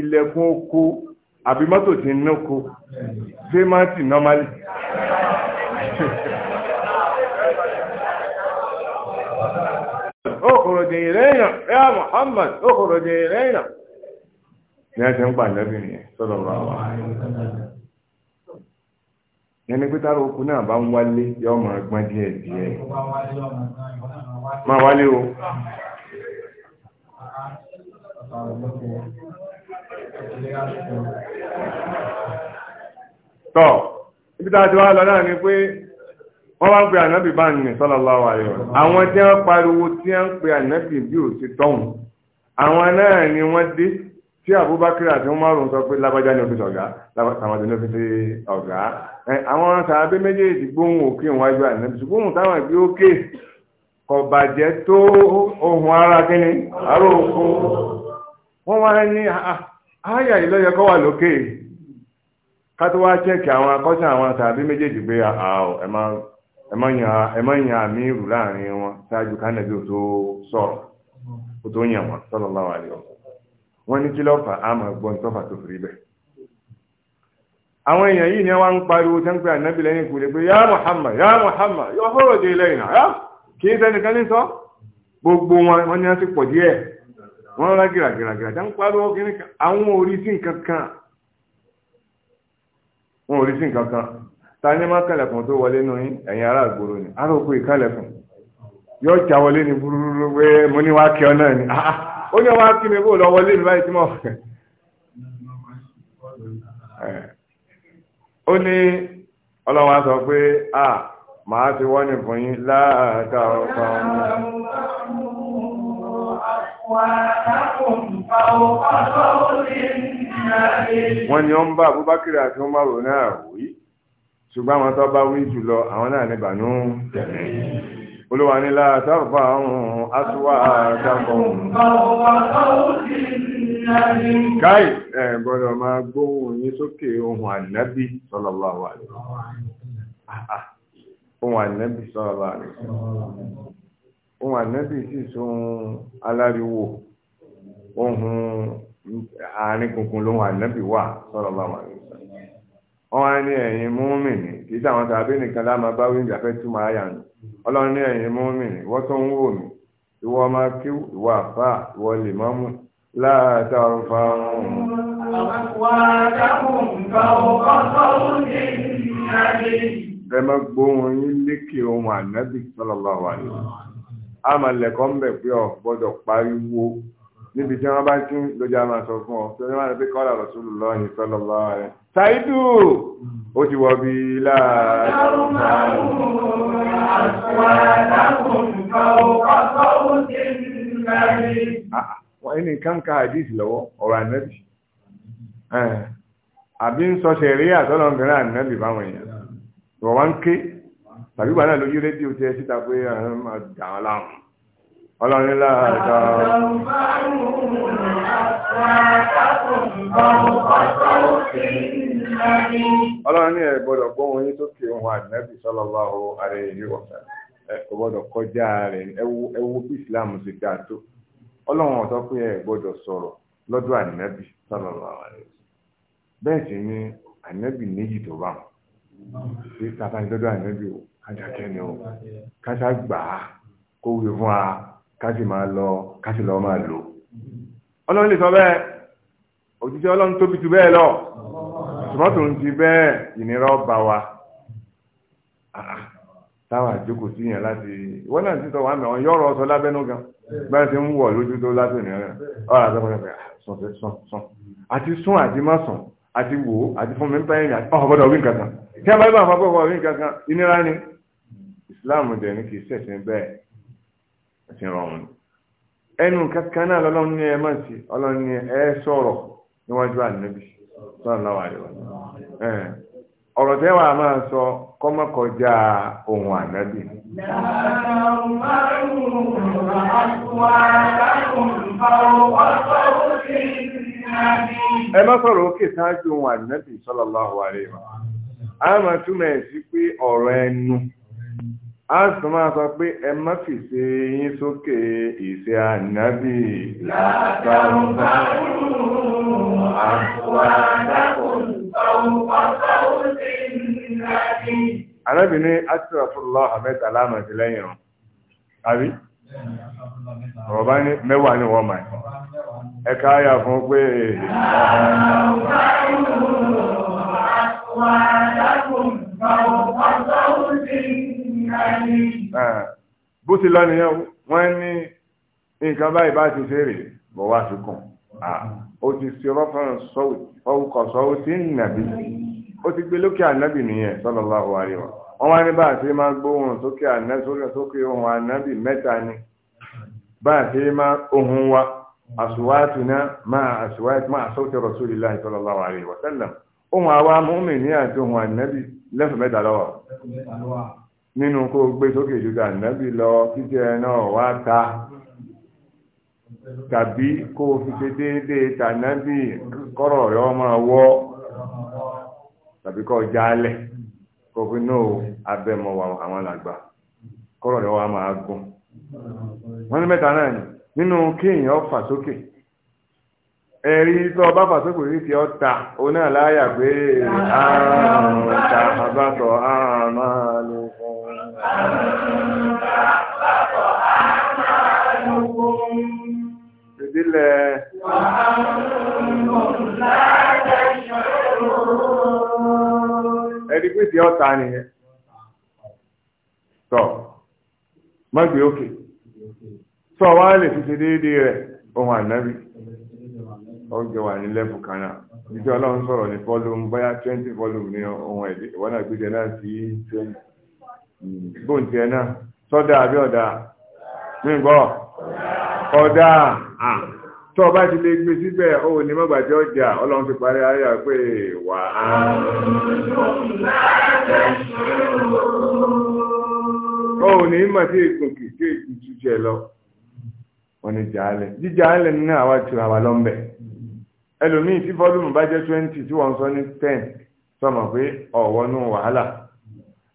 ilẹ̀kùn oko àbí mọ́tò ti ń náko fẹ́mátì nọ́málì اخرج إلينا يا محمد اخرج إلينا láti ń pàdé lọ́bìnrin sọ́dọ̀ bá wà. ẹni pé okùn náà bá ń wálé yọ ọmọ ẹgbọ́n díẹ̀ díẹ̀. máa wálé o. tọ́ a lọ náà ni pé. wọ́n wá ń pe ànábì bá nìyẹn sallallahu alaihi wasallam àwọn tí wọ́n pariwo tí wọ́n ń pe ànábì bí ò ti tọ̀hún àwọn náà ni wọ́n dé tí Abubakar àti Umaru sọ pé lábájá ní ọ́fíìsì ọ̀gá tàmàdé ní ọ́fíìsì ọ̀gá àwọn sàábé méjèèjì gbóhùn òkè wájú ànábì gbóhùn táwọn ìgbé òkè kọ̀bàjẹ́ tó ohun ara kíni àrò òkú wọ́n wá ní ah, ah, àyà ìlọ́yẹ kọ́ wà lókè ká tó wá chẹ́kì àwọn akọ́ṣẹ́ àwọn sàábé méjèèjì gbé àà ah, ẹ̀ máa ẹ má láàrin wọn ṣáájú kánàbí ò tó sọ̀rọ̀ ó tó yàn wọn sallallahu alaihi wasallam wọn ní kí lọ́fà á máa gbọ́n tọ́fà tó bẹ́ẹ̀. àwọn èèyàn yìí ni wọ́n ń pariwo tán pé ànábì lẹ́yìn kúlẹ̀ pé yá Muhammad yá Muhammad yóò fọ́rọ̀ dé lẹ́yìn náà kì í ní sọ gbogbo wọn wọn ní wọn ti pọ̀ díẹ̀ wọn gíragíragíra pariwo kí ni àwọn orí sí nǹkan kan. ta ní máa kàlẹ̀kùn tó wọlé nù yín ará àgbòrò ni ará òkú ìkàlẹ̀kùn yóò já wọlé ní búrúrú pé mo ní wá kí ọ náà ni ah, ah. ó ní wá kí mi bó lọ wọlé mi báyìí tí mo fẹ́. ó ní ọlọ́wọ́ sọ pé a màá ti wọ́n ní fún yín láàtà ọ̀kan. wọ́n ní ó ń bá Abubakar àti Umaru náà wí ṣùgbọ́n àwọn tó bá wí jùlọ àwọn náà ní bànú olúwa ní la tarfa aswatakum káì ẹ gbọ́dọ̀ máa gbóhùn yín sókè ohun ànábì sallallahu alaihi ohun ànábì sallallahu alaihi ohun ànábì sì sún aláriwo ohun àárín gbùngbùn lóhun ànábì wà sallallahu alaihi wọ́n ní ẹ̀yin múmìnì kì í sàwọn tàbí nìkan láàmà bá wíńdì afẹ́ túmọ̀ àyà nù ọlọ́run ní ẹ̀yin múmìnì wọ́n tó ń wò mí ìwọ ọmọ kíw ìwọ àfà ìwọ lè mọ́ mú láàtà ọ̀fà ọ̀hún. wà á dáhùn nǹkan ọkọ sọ́wọ́ ní ìyáde. ẹ má gbóhùn yín lékè ohun ànábì sallallahu alaihi wasallam. àmàlẹ̀kọ́ ń bẹ̀ pé ọ̀ gbọ́dọ̀ pariwo níbi tí wọ́n bá tún lójú àmà sọ fún ọ ṣàìdù ó ti wọ̀ bí láàrín wọ́n ní nǹkan ká àdísì lọ́wọ́ ọ̀rọ̀ ànẹ́bì àbí ń sọ ṣẹ̀rí àtọ́lọ́mìnira ànẹ́bì báwọn èèyàn rọ̀ wá ń ké àwọn ọlọ́nilá àjọ ọlọ́ni ẹ̀ gbọ́dọ̀ gbóhun yí tó kí ohun àdínẹ́bì sallallahu alayhi wa sallam ẹ̀ gbọ́dọ̀ kọjá rẹ̀ ẹ wo bí Islam ṣe dáa tó ọlọ́run ọ̀tọ́ pé ẹ̀ gbọ́dọ̀ sọ̀rọ̀ lọ́dọ̀ àdínẹ́bì sallallahu alayhi bẹ́ẹ̀ sì ni àdínẹ́bì méjì tó bá wọn ṣé tàbá ní lọ́dọ̀ àdínẹ́bì o kájà kẹ́ni o kájà gbà á kó wí fún wa kásì máa lọ kásì lọ máa lò ọlọ́run lè sọ bẹ́ẹ̀ òjíṣẹ́ ọlọ́run tóbi jù bẹ́ẹ̀ lọ tòmọ́tò ń ti bẹ́ẹ̀ ìnira ọba wa táwọn àjókòó sí yẹn láti wọn náà ti sọ wàá mẹ́wọ́n yọ̀rọ̀ ọ̀sọ́ lábẹ́nú gan bẹ́ẹ̀ ti ń wọ̀ lójú tó látòun ní ọ̀rẹ́ ọ̀rọ̀ àtọ́kọ̀ọ́fẹ́ ah, sùn sùn sùn àti sùn àti má sùn àti wò àti fún mi ń báyìí àti ọ̀hún ọ̀bọ̀dọ̀ wíńkà kan tí a bá yẹ bá àwọn afọ́fọ́ wíńkà kan ìnira ni Islam dẹ̀ ní kì í ṣẹ̀sìn bẹ́ẹ̀ ẹ̀sìn rọrùn ẹnu kankan náà lọ́lọ́run ní ẹ sí ọlọ́run ní ẹ sọ̀rọ̀ níwájú ànábì sallallahu alaihi wasallam ọ̀rọ̀ tẹ́ wàá máa sọ kọ́mọkọjá ohun ànábì. ẹ má sọ̀rọ̀ òkè sáájú ohun ànábì sallallahu alaihi wasallam a máa túmọ̀ ẹ̀ sí pé ọ̀rọ̀ ẹnu. a sì máa sọ pé ẹ má fi ṣe yín sókè ìṣe ànábì. látàrún bá rún àpò àdàkùn ọ̀pọ̀pọ̀ ó sì ń rárí. arábìnrin asra fúnlọ ahmed alámọ̀sí lẹ́yìn o àbí ọ̀rọ̀ bá ní mẹ́wàá ní wọ́n máa ẹ káyà fún pé. látàrún bá rún àpò àdàkùn ọ̀pọ̀pọ̀ ó sì ń rárí. Ah, bó ti lọ nìyẹn wọ́n ní nǹkan báyìí bá ti ṣeré bọ̀ wá sí kàn ah, ó ti ṣe rọ́fọ̀n ọkọ̀ sọ́wọ́ sí nàbí ó ti gbé lókè ànábì nìyẹn sallallahu wá ní ma aswat ma sauti rasulillahi sallallahu alaihi wa sallam ohun àwa mu'mini àti ohun ànábì mẹ́ta nínú kó gbé sókè ju tànàbí lọ títí ẹ náà wá ta tàbí kó fi ṣe déédéé tànàbí kọ́rọ̀ rẹ máa wọ́ tàbí kọ́ jálẹ̀ kó fi náà abẹ́mọ àwọn àgbà kọ́rọ̀ rẹ wá máa gùn wọ́n ní mẹ́ta náà ni nínú kéèyàn fà sókè ẹ̀rí tó ọba fà sókè rí ti ọta onáà láyà pé àrùn ta àbátọ̀ àmàlù Ìdílé. Ẹni pé ti ọ̀tá nìyẹn. Sọ, má gbé òkè. Sọ wá lè fi ṣe déédéé rẹ̀, ohun ànábì. Ọjọ́ wà ní lẹ́fù kan náà ọlọ́run sọ̀rọ̀ ní ní ohun ẹ̀dẹ̀ náà gbé jẹ náà sí bóńtì ẹ̀ náà sọ́dà àbí ọ̀dà mí gbọ́ ọ̀dà à tó ọba ti lè gbé síbẹ̀ ó ní mọ́gbàjọ́ ọjà ọlọ́run ti parí ayé àpé wà á. ó ní mọ̀ sí ìgbòkè tí èyí ti jẹ lọ wọ́n ní jàálẹ̀ jíjàálẹ̀ ní àwa tura wa lọ́mbẹ̀ ẹlòmíì tí fọ́lùmù bá jẹ́ twenty tí wọ́n sọ ní ten ma pé ọ̀wọ́ nù wàhálà.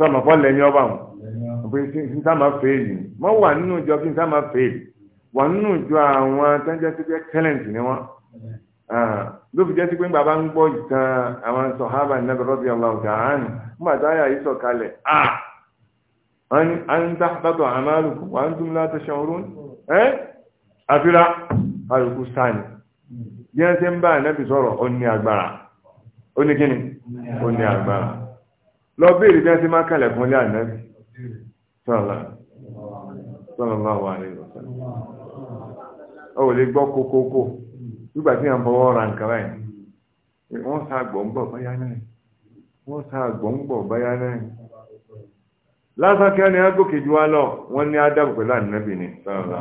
sọmọ fọ́ lẹ́ni ọba wọn pé kí n sá máa fèèlì mọ wà nínú ìjọ kí n sá máa fèèlì wà nínú ìjọ àwọn tẹ́jẹ́ tó jẹ́ talent ni wọ́n ló fi jẹ́ sí pé ń bàbá ń gbọ́ ìtàn àwọn sọ̀hábà nàbẹ̀ rọ́bì ọlọ́run tààánù nígbà tá àyà yìí sọ̀kalẹ̀ à ń dábàtọ̀ àmàlùkù wà ń dúnmí látọ̀ṣẹ̀ orún ẹ́ àfíra àlùkù sáni hmm. bí wọ́n ti ń bá ànábì sọ̀rọ̀ ó ní agbára ó ní kíni ó ní agbára lọ béèrè bí a ti máa kalẹ̀ fún ilé ànábì sọ̀rọ̀ sọ̀rọ̀ máa wà ní ìrọ̀sẹ̀. ọ ò lè gbọ́ kókókó nígbà tí wọ́n fọwọ́ ra nǹkan báyìí wọ́n sá gbọ̀ngbọ̀ báyá náà wọ́n sá gbọ̀ngbọ̀ báyá náà lásán kí wọ́n ní agókè ju wa lọ wọ́n ní adábò pẹ̀lú ànábì ni sọ̀rọ̀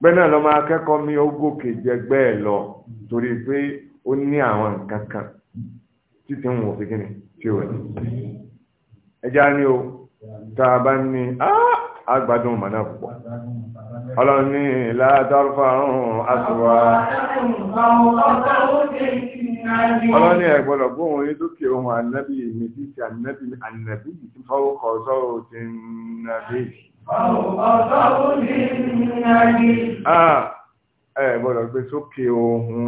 gbẹ́nà lọ́mọ akẹ́kọ̀ọ́ mi ó gòkè jẹgbẹ́ lọ torí pé ó ní àwọn nǹkan kan títí ń wò sí kíni tí ò ní ẹjá ní o tá a bá ní agbádùn ah, mọ̀nà púpọ̀ ọlọ́run ní látọ́rọ̀fà ọ̀run aṣọ́wà ọlọ́run ní ẹ̀gbọ́dọ̀ gbóhùn ní dúkìá ohun ànábì mi tí ti ànábì ànábì tí fọwọ́kọ̀ sọ́rọ̀ ti nàbí. Ah, ẹ̀gbọ́dọ̀ gbé sókè ohun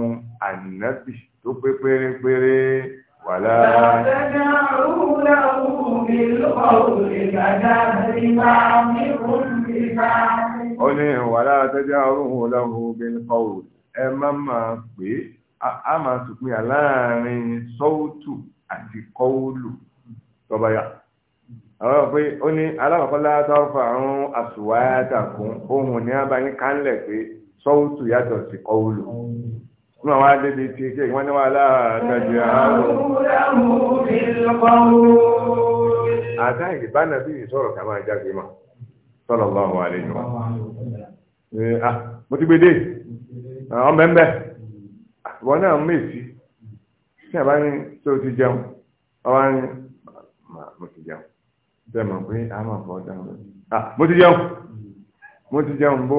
ànábì tó pé pérépéré. ولا تدعوا له بالقول كجهل بعضكم ببعض قل ولا تدعوا له بالقول ẹ má máa pé a máa tùpínyà láàrin sọ́ọ̀tù àti kọ́ọ̀lù tọba yá àwọn ọ̀pẹ ó ní alákọ̀ọ́kọ́ látọ̀ fàrún àsùwáyàtà kún ohun ní abáyín kánlẹ̀ pé sọ́ọ̀tù yàtọ̀ sí kọ́ọ̀lù ma wọn adé bíi ti kéèké wọn ní wọn aláàtàjì àárọ̀. àdá ìbánà bí ìsọ̀rọ̀ ká máa jáde mọ́ sọ̀rọ̀ bá wà lẹ́yìn wọn. mo ti gbé dé ah, ọmọ ẹ̀ ń bẹ̀ wọn náà mú èsì tí a bá ní tó ti jẹun ọba ní mo ti jẹun bẹ́ẹ̀ mọ̀ pé a máa fọ́ dáhùn. Ah, mo ti jẹun mo ti jẹun bó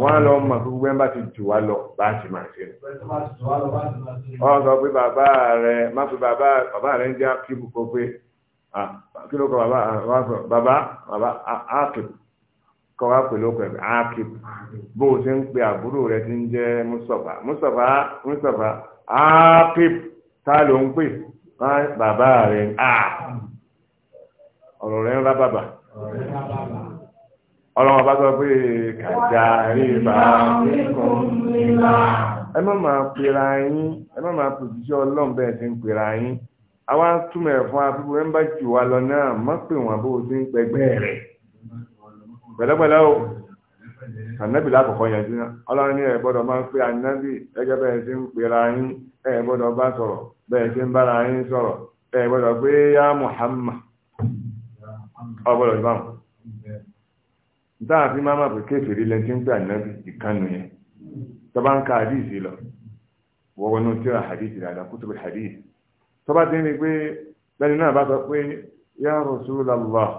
wọ́n á lọ mọ̀ fún gbẹ́ bá ti jù wá lọ bá ti máa ṣe. wọ́n sọ pé bàbá rẹ̀ má fi bàbá bàbá rẹ̀ ń jẹ́ kíkù kó pé kí ló kọ bàbá bàbá bàbá ákìp kọ́ wá pè lóko ẹ̀fẹ̀ ákìp bó o ṣe ń pe àbúrò rẹ̀ ti ń jẹ́ mustapha mustapha mustapha ákìp tá ló ń pè bàbá rẹ̀ ọ̀rọ̀ rẹ̀ ń rá bàbà ọlọ́wọ́ bá sọ pé kàjá ríbà fíkún nílá ẹ má máa pera yín ẹ má máa pòjíṣẹ́ ọlọ́run bẹ́ẹ̀ ti ń pera yín àwa túmọ̀ ẹ̀ fún abúlé ẹ̀ ń bá jù wá lọ náà má pè wọ́n bó o ti ń pẹgbẹ́ rẹ̀ pẹ̀lẹ́pẹ̀lẹ́ o ànábì lákòókò yẹn dúná ọlọ́run ní ẹ̀ gbọ́dọ̀ máa ń pè ànábì ẹgẹ́ bẹ́ẹ̀ ti ń pera yín ẹ̀ gbọ́dọ̀ bá sọ̀rọ̀ bẹ́ẹ̀ ti ń bára yín sọ̀rọ̀ ẹ̀ gbọ́dọ̀ pé yá Muhammad ọgbọ́dọ̀ ìbámu dáàfin máa ma pè kéfèrí lẹ́tí ń pè ànábì ìkànnì yẹn tọ́ba ń ka àdìsí lọ wọ́wọ́ náà tí àdìsí rà lọ́kú tó àdìsí tọ́ba ti ní pé lẹ́ni náà bá sọ pé yá Rasulullah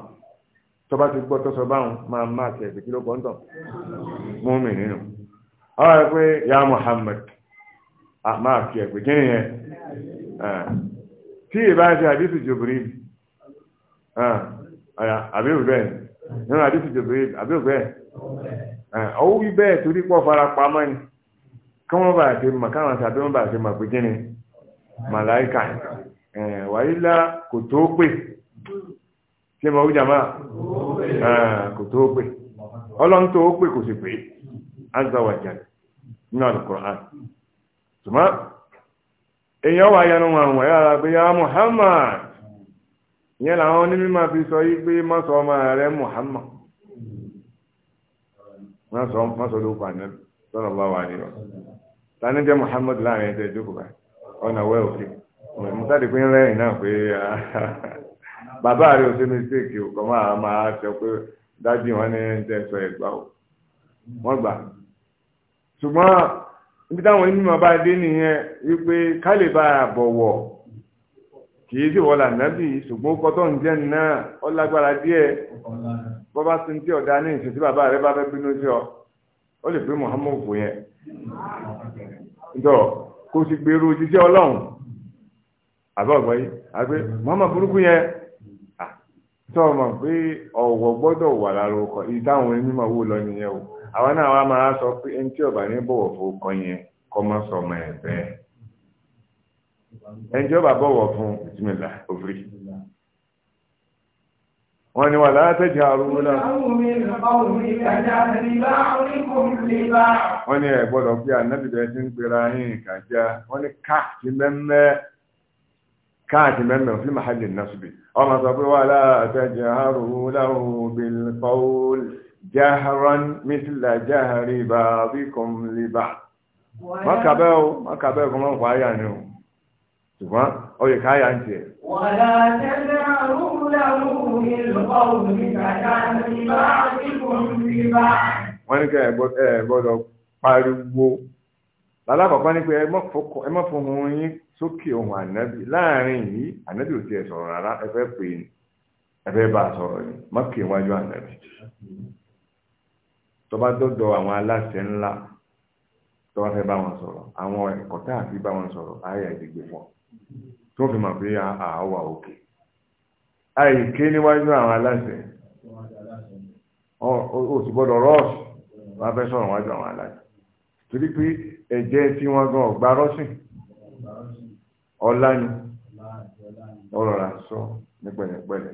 tọ́ba ti gbọ́ tọ́sọ báwọn máa máa tẹ̀ ẹ̀sìn kíló pọ́ńtọ̀ nínú ọ̀rọ̀ pé yá kí nìyẹn tí nínú àdìsí jòbèrè àbí òkú ẹ̀ ọwọ́ wí torí pọ̀ fara ni kí wọ́n bá ṣe mọ̀ káwọn bá ṣe mọ̀ pé kíni kò tó pè ṣé mo máa kò tó pè ọlọ́run tó pè kò sì pè nínú ṣùgbọ́n èèyàn wà yanu wọn ya Muhammad ìyẹn làwọn onímọ̀ fi sọ yí pé má sọ ọmọ rẹ Muhammad má sọ má sọ lóko àná sọ̀rọ̀ bá wà nínú tani jẹ́ Muhammad láàrin ẹ̀jẹ̀ ìjókòó báyìí ọ̀nà wẹ́ òkè mọ̀tàdé pé ń rẹ́rìn náà pé ah, bàbá rẹ̀ ò sí mistake o kọ́ máa máa sọ pé dájú wọn ní ẹ̀jẹ̀ sọ ẹ̀gbá o wọ́n gbà ṣùgbọ́n níbi táwọn onímọ̀ bá dé nìyẹn wípé ká lè bá a bọ̀wọ̀. kìí sì wọlà nábì ṣùgbọ́n kọ́tọ́ ń jẹ́ náà ó lágbára díẹ̀ bọ́ bá ti ń ní ìṣesí bàbá rẹ bá fẹ́ bínú sí ọ ó lè pé Muhammadu kò yẹn kó sì gbèrú jíjẹ́ ọlọ́run Muhammadu burúkú yẹn tọ́ ọ mọ̀ pé ọ̀wọ̀ gbọ́dọ̀ wà lára ọkọ̀ ẹni máa wò lọ nìyẹn o àwa náà sọ pé ẹni tí ọ̀bà ní bọ̀wọ̀ ẹni tí ó bá bọ̀wọ̀ fún bisimilá òfin wọ́n ní wà látẹ́jì àrùn náà wọ́n ní ẹ̀gbọ́dọ̀ pé ànábìbẹ̀ tí ń pera yín kàjá wọ́n ní káàkiri mẹ́mẹ́ káàkiri mẹ́mẹ́ òfin mahajin nasubi ọmọ sọ pé wà látẹ́jì àrùn náà bilfawul jaharan mitla jahari ba'dikum li ba'd mọ́kàbẹ́ o mọ́kàbẹ́ kọ́mọ́ pààyà ni o ṣùgbọ́n ọyẹ káyà ń tiẹ̀. wọ́n ní kẹ́ ẹ gbọ́dọ̀ pariwo lálábàápá ní pé ẹ má fohùn yín sókè ohùn ànábì láàrin yìí ànábì ò tiẹ̀ sọ̀rọ̀ rárá ẹ fẹ́ pè é ẹ fẹ́ bá a sọ̀rọ̀ ni má kì í wájú ànábì. tó bá àwọn aláṣẹ ńlá tó bá bá wọn sọ̀rọ̀ àwọn ẹ̀kọ́ tá a bá wọn sọ̀rọ̀ ayé àgbègbè fún ọ tó fi mọ̀ pé àáwà òkè àìké níwájú àwọn aláṣẹ ó sì gbọ́dọ̀ rọ́ọ̀sì wọ́n fẹ́ sọ̀rọ̀ wájú àwọn aláṣẹ torí pé ẹ̀jẹ̀ tí wọ́n gan ọ̀gbá rọ́ọ̀sìn ọ̀la ni ọ̀rọ̀ rà sọ ní pẹ̀lẹ́pẹ̀lẹ́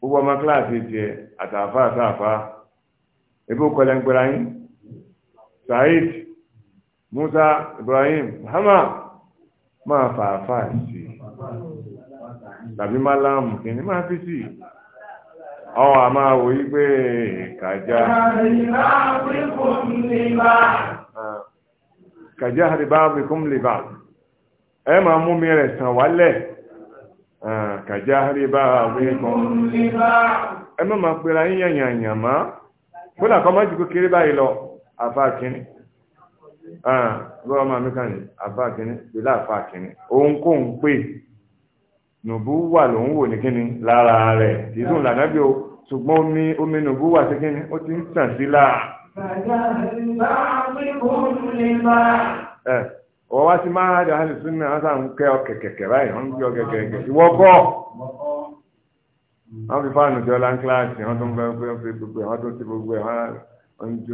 gbogbo ọmọ kíláàsì tiẹ̀ àtàfà àtàfà ebí ó kọlẹ̀ ń pera yín saheed musa ibrahim hama máa fà àfà sí tàbí máláàmù kìíní máa fi sí ọ a máa wò yí pé kàjá kàjá àríbá bìkún lè bá ẹ máa mú mi rẹ̀ sàn wálẹ̀. kàjáhárì bá àwíkún ẹ má máa pera yín yànyàn yàn má kódà kọ́ má kékeré báyìí lọ àfa kínní Mekani, máa mí kàn ní òun kò ń pè nùbú wà lòun wò ní kínní lára rẹ̀ ìdún lànà o ṣùgbọ́n omi omi nùbú wà sí ti ń ọ wá sí máa dà hálì sínú kẹ́ ọ báyìí wọ́n ọ kẹ̀kẹ̀kẹ̀ kọ́ wọ́n fi fáànù tí ọlá kíláàsì wọ́n tó ń fẹ́ fi gbogbo ẹ̀ wọ́n tó ti gbogbo ẹ̀ wọ́n ti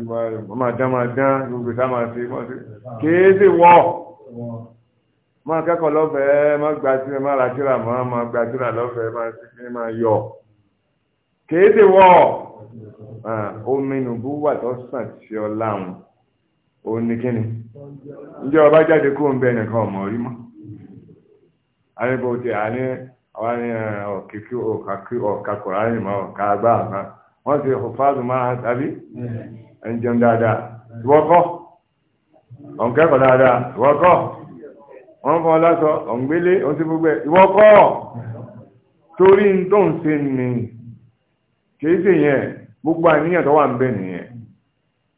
máa dán máa dán gbogbo ìta máa wọ́n ti kéé sì wọ́ máa kẹ́kọ̀ọ́ lọ́fẹ̀ẹ́ máa gba máa yọ kéé sì wọ́ omi nùbú wà òun ni kíni ǹjẹ́ ọba jáde kó ń bẹ nìkan ọmọ rí mọ́ àníbò tí a ní àwọn ní ọ̀kíkí ọ̀kàkí ọ̀kàkọ̀rọ̀ àyìnbó ọ̀kà àgbà àgbà wọ́n ti fáàlù máa tàbí ẹni jẹun dáadáa ìwọ́kọ́ ọ̀nkẹ́kọ̀ọ́ dáadáa ìwọ́kọ́ wọ́n fọ́ lásọ ọ̀ngbélé oṣù gbogbo ìwọ́kọ́ torí ń tó ń ṣe nìyí kì í sì yẹn gbogbo àníyàn tó wà ń bẹ nìyẹn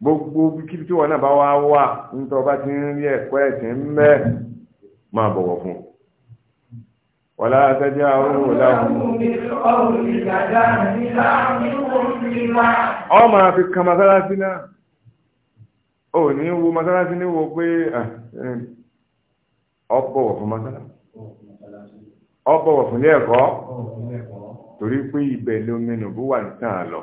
gbogbo kíbi tí wọn náà bá wá wà ti ń rí ẹ̀kọ́ ẹ̀sìn ń mẹ máa bọ̀wọ̀ fún un. wàlá àtẹjẹ àwọn òlàwọn. ọ máa fi kan masalasi náà ò ní wo masalasi ní wo pé ọ bọwọ fún masalasi ọ bọwọ fún ilé torí pé ló wà lọ.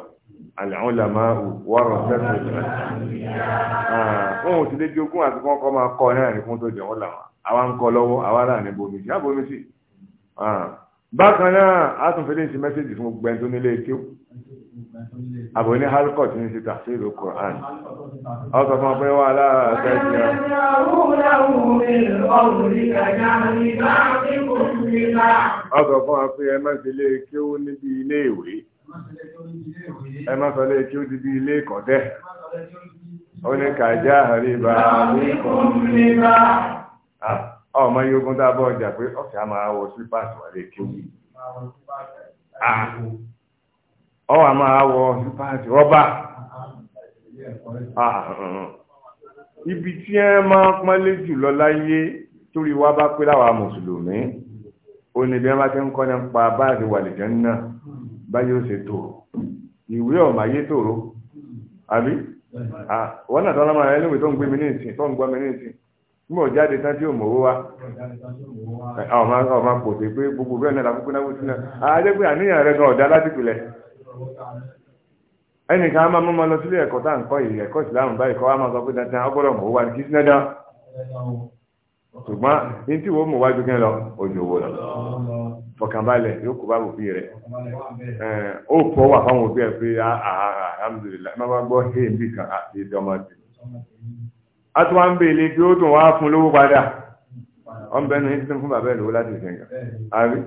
al-ulamau warasatul anbiya ah, wọn ò sì lè jogún àti kọ́ kọ́ máa kọ́ náà ní fún tó jẹ́ ọ̀làmà àwa ń kọ́ lọ́wọ́ àwa náà ní bomi sí àbomi sí. Ah, bákan náà a tún fi lè ṣe mẹ́sẹ̀gì fún gbẹ́n tó nílé kí àbò ní harcourt ní ti tàfíìlù Qur'an ọkọ̀ fún ọpẹ́ wà láàrín àtẹ́jìyà ọkọ̀ fún ọpẹ́ ẹmẹ́sílẹ̀ kí ó níbi ilé ìwé ẹ má sọ lé kí ó di bí ilé ìkọ̀dẹ́ ó ní kàjá àríbá ọmọ yogun tá a bọ́ ọjà pé ọ̀sẹ̀ a máa wọ sípàsì wà lé kí ó ọwọ́ a máa wọ sípàsì rọ́bà ibi tí ẹ máa pọ́nlé jùlọ láyé torí wá bá pé láwa mùsùlùmí ó ní bí wọ́n bá ti ń kọ́ nípa báàdì wà lè jẹ́ náà báyìí ó ṣe tòrò ìwé ọ̀màyé tòrò àbí wọn náà tọ́lá máa ẹlẹ́wẹ̀ẹ́ tó ń gbé mi ní ìsìn tó ń gbọ́ mi ní ìsìn nígbà òjáde tán tí ò mọ̀ owó gbogbo bẹ́ẹ̀ náà lákòókò náà wọ́n ti náà á jẹ́ pé àníyàn rẹ̀ gan ọ̀dá láti pilẹ̀ ẹnìkan á máa lọ sílé ẹ̀kọ́ tá à ń kọ́ yìí ẹ̀kọ́ báyìí kọ́ fọkànbalẹ̀ yóò kó bá òbí rẹ̀ ó pọ̀ wà fáwọn òbí ẹ̀ pé alhamdulilayi má bá gbọ́ hey bí kan èdè ọmọ ti a tún wá ń bèèlè pé ó tún wá fún lówó padà ọmọ bẹ́ẹ̀ ní títún fún bàbá ẹ̀ lówó láti ṣẹ̀ǹgà àrí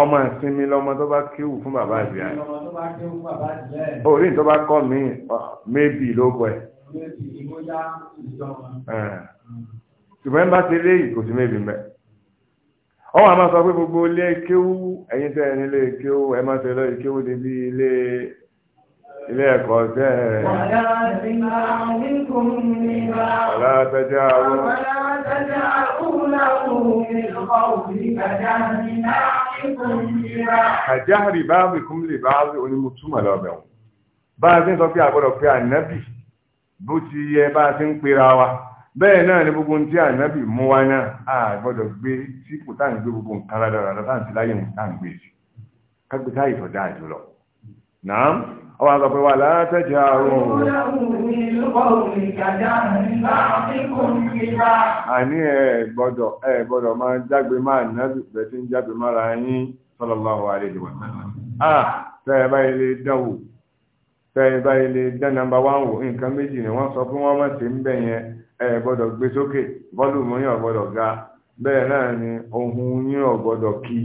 ọmọ ìsinmi lọmọ tó bá kéwù fún bàbá àti àyè orí tó bá kọ́ mi mébì lóko ẹ̀ ṣùgbọ́n bá ti lé ìkòsí mébì mẹ́ẹ̀ ọwọ́ àmọ́ sọ pé gbogbo ilé kéwú ẹ̀yin tẹ́ ẹni ilé kéwú ẹ má ṣe lọ ìkéwú di bí ilé ilé ẹ̀kọ́ tẹ́ ẹ̀. ọ̀la tẹ́jà àwọn. ọ̀la tẹ́jà àkúlà òun ìlọ́kọ̀ òbí kàjá ní náà kíkún ìlera. kàjá rí báàbì kún lè báàbì onímùtúmọ̀ lọ́bẹ̀ wọn. bá a ti sọ pé àgbọ̀dọ̀ pé ànábì bó ti yẹ bá a ti ń pera wa. bẹ́ẹ̀ náà ni gbogbo tí ànábì mú wá náà a gbọ́dọ̀ gbé tí kò tá à ń gbé gbogbo nǹkan ládàra lọ́tà àti láyé wọn tá à ń gbé sí kágbé táyì tó dáa jùlọ. náà ọwọ́ àgbà pé wà látẹ̀jẹ̀ àrùn. àní gbọ́dọ̀ ẹ gbọ́dọ̀ máa jágbe máa nábì ń mára yín a bẹ́ẹ̀ báyìí lè dá nàmbà wá wò nǹkan méjì ni wọ́n sọ wọn wọ́n má ń bẹ̀ yẹn ẹ gbọ́dọ̀ gbé sókè bọ́lùmù ọ̀gbọ́dọ̀ ga bẹ́ẹ̀ náà ni ohun yín ọ̀gbọ́dọ̀ kí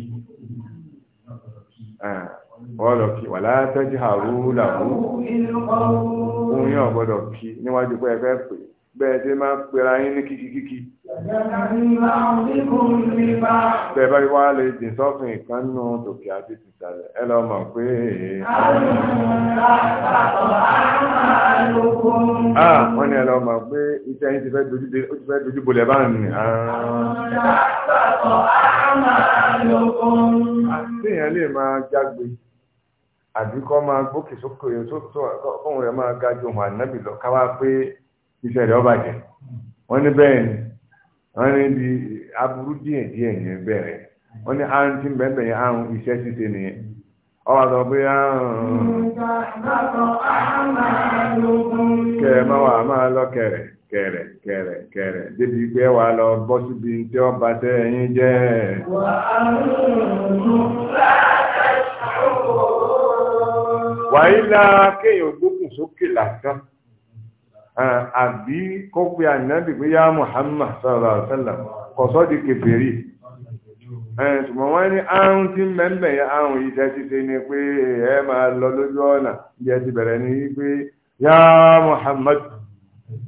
ọ̀gbọ́dọ̀ kí wà látẹ́jú àrùn làwọn ohun yín ọ̀gbọ́dọ̀ kí níwájú bẹ́ẹ̀ tí máa pèrà yín ní kìkìkìkì. bẹ́ẹ̀ bá wá lè jìn sọ́fìn ìkan nù tòkè àti tìsàlẹ̀ ẹ lọ mọ̀ pé. Ah, wọ́n ní ẹ lọ mọ̀ pé iṣẹ́ yín ti fẹ́ dojú bolẹ̀ bá ń nì. Ah. àti èèyàn lè máa jágbe àbí kọ́ máa gbókè sókè sókè kóhùn rẹ̀ máa ga ju ohun ànábì lọ ká pé. iṣẹ́ rẹ̀ ọba jẹ wọ́n ní bẹ́ẹ̀ ni wọ́n ní aburú díẹ̀ díẹ̀ yẹn bẹ̀rẹ̀ wọ́n ní àrùn tí ń bẹ́ẹ̀ bẹ̀yẹn àrùn iṣẹ́ ṣíṣe nìyẹn ọwọ́ sọ pé àrùn kẹ máa wà máa lọ kẹrẹ kẹrẹ kẹrẹ kẹrẹ débi pé wà lọ bọ́ síbi tí bá ẹyin jẹ́ kéèyàn gbókùn sókè àbí kó pe ànábì pé yá Muhammad sallallahu alaihi wasallam kọ̀sọ́ di kèfèrí ṣùgbọ́n wọ́n ní àrùn tí mẹ́mẹ́ yẹn àrùn yìí tẹ́ ti ṣe ni pé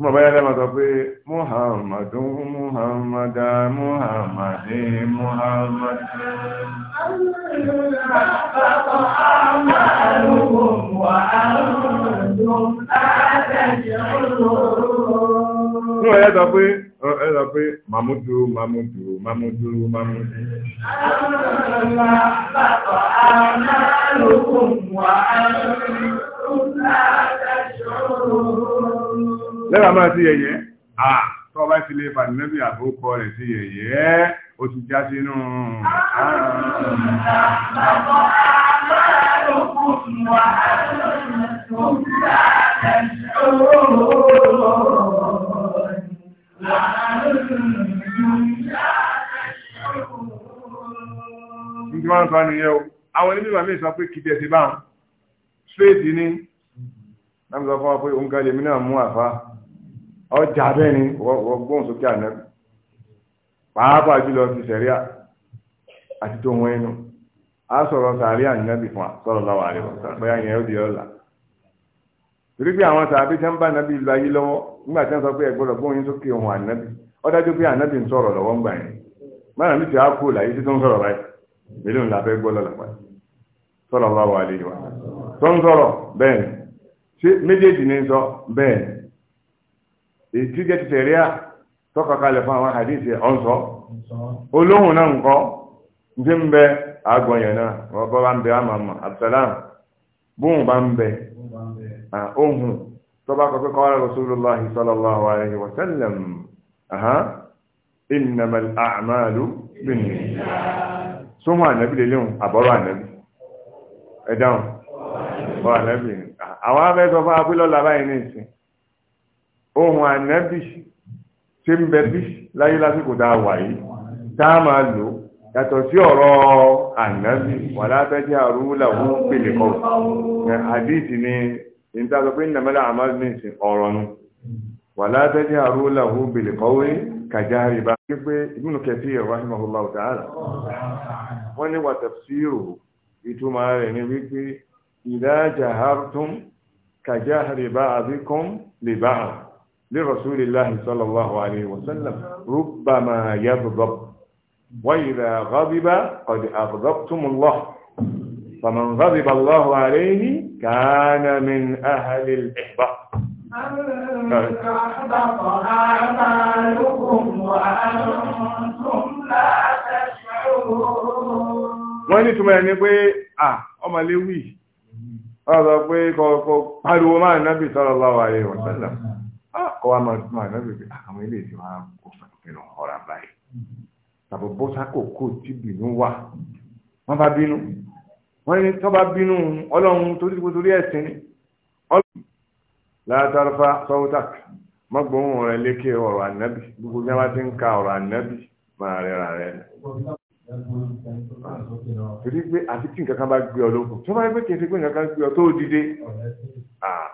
mo bá yára sọ pé muhammadu muhammada muhammadi muhammad. Mo yẹ sọ pé ẹ sọ pé mamudu mamudu mamudu mamudu. Àwọn ọ̀la bàbá àmàlùkùn wà á lẹ́wà máa sí yẹ̀yẹ́ àtọ́ bá ti lè fàdínẹ́bì àbúkọ rẹ̀ sí yẹ̀yẹ́ ó ti já sínú Nígbà wọn sọ nìyẹn o, àwọn onímọ̀ mi sọ pé kìí ẹ̀sìn báwọn, ṣéèdì ni, láti sọ fún wa pé òun ká náà mú àfá. ọjà abẹ́ni ọgbọ́n sókè ànábì pàápàá jùlọ ti sẹ̀ríà àti tó wọn ẹnu a sọ̀rọ̀ sàárì ànábì fún àsọ̀rọ̀ láwà rẹ̀ bóyá yẹn ó di ọ̀la torí pé àwọn sàábí tí wọ́n bá ayé lọ́wọ́ nígbà tí wọ́n sọ pé yín sókè ohun ó dájú pé ń sọ̀rọ̀ lọ́wọ́ ń gbà ti làyé tí tó ń sọ̀rọ̀ èyí tí jẹ́ ti tẹ̀ríà tọ́kọ̀kalẹ̀ fún àwọn àdíṣe ọ̀nsọ́ olóhùn náà nǹkan ní ń bẹ àgbọ̀nyàn náà wọ́n bọ́ bá ń bẹ àmàmà absalam bóun bá ń bẹ ohun tó bá kọ pé qala rasulullahi sallallahu alaihi wa sallam innamal a'malu binniyat sóhun ànábì lélẹ́hùn àbọ̀rọ̀ ànábì ẹ̀dáhùn bọ́ ànábì àwọn afẹ́ sọ fún apílọ́lá báyìí ní ìsìn ohun ànábì ṣe ń bẹ bí láyé lásìkò tá a wà yìí tá a máa lò yàtọ̀ sí ọ̀rọ̀ ànábì wàlá bẹ́jẹ́ àrúlà ó pèlè kọ́ àdìsí ni ìdájọ́ pé nàmẹ́lá àmàlùmíìsì ọ̀rọ̀ nu wàlá bẹ́jẹ́ àrúlà ó pèlè kọ́wé kàjáre bá rí pé ibùnú kẹfì rahimahullah ta'ala wọ́n ní wàtàfsírò ìtumọ̀ rẹ̀ ní wípé ìdájà hartum kàjáre bá àbíkún lè bá àrùn لرسول الله صلى الله عليه وسلم ربما يغضب وإذا غضب قد أغضبتم الله فمن غضب الله عليه كان من أهل الإحباط wọ́n ní túnmọ̀ ẹni pé à ọmọ léwì ọ̀rọ̀ pé kọ̀ọ̀kọ̀ pariwo máa nábì sallallahu alaihi wasallam Ah, kọ́ wa máa dùn àná bèbè ah, àwọn ilé ìsìn wa kò fẹ́ràn ọ̀rọ̀ àbáyé tàbí bọ́sákò kò tí bínú wà wọ́n bá bínú wọ́n ní tọ́ bá bínú ọlọ́run torí torí ẹ̀sìn ni ọlọ́run látàrífà sọ́wọ́tàk mọ́gbọ́n rẹ̀ lékè ọ̀rọ̀ ànábì gbogbo bí wọ́n ti ń ka ọ̀rọ̀ ànábì máa rẹ̀ra rẹ̀ torí pé àfi tí nǹkan kan bá gbé ọ lóko tí wọ́n bá gbé kẹsì pé nǹkan kan gbé ọ tó dìde ah.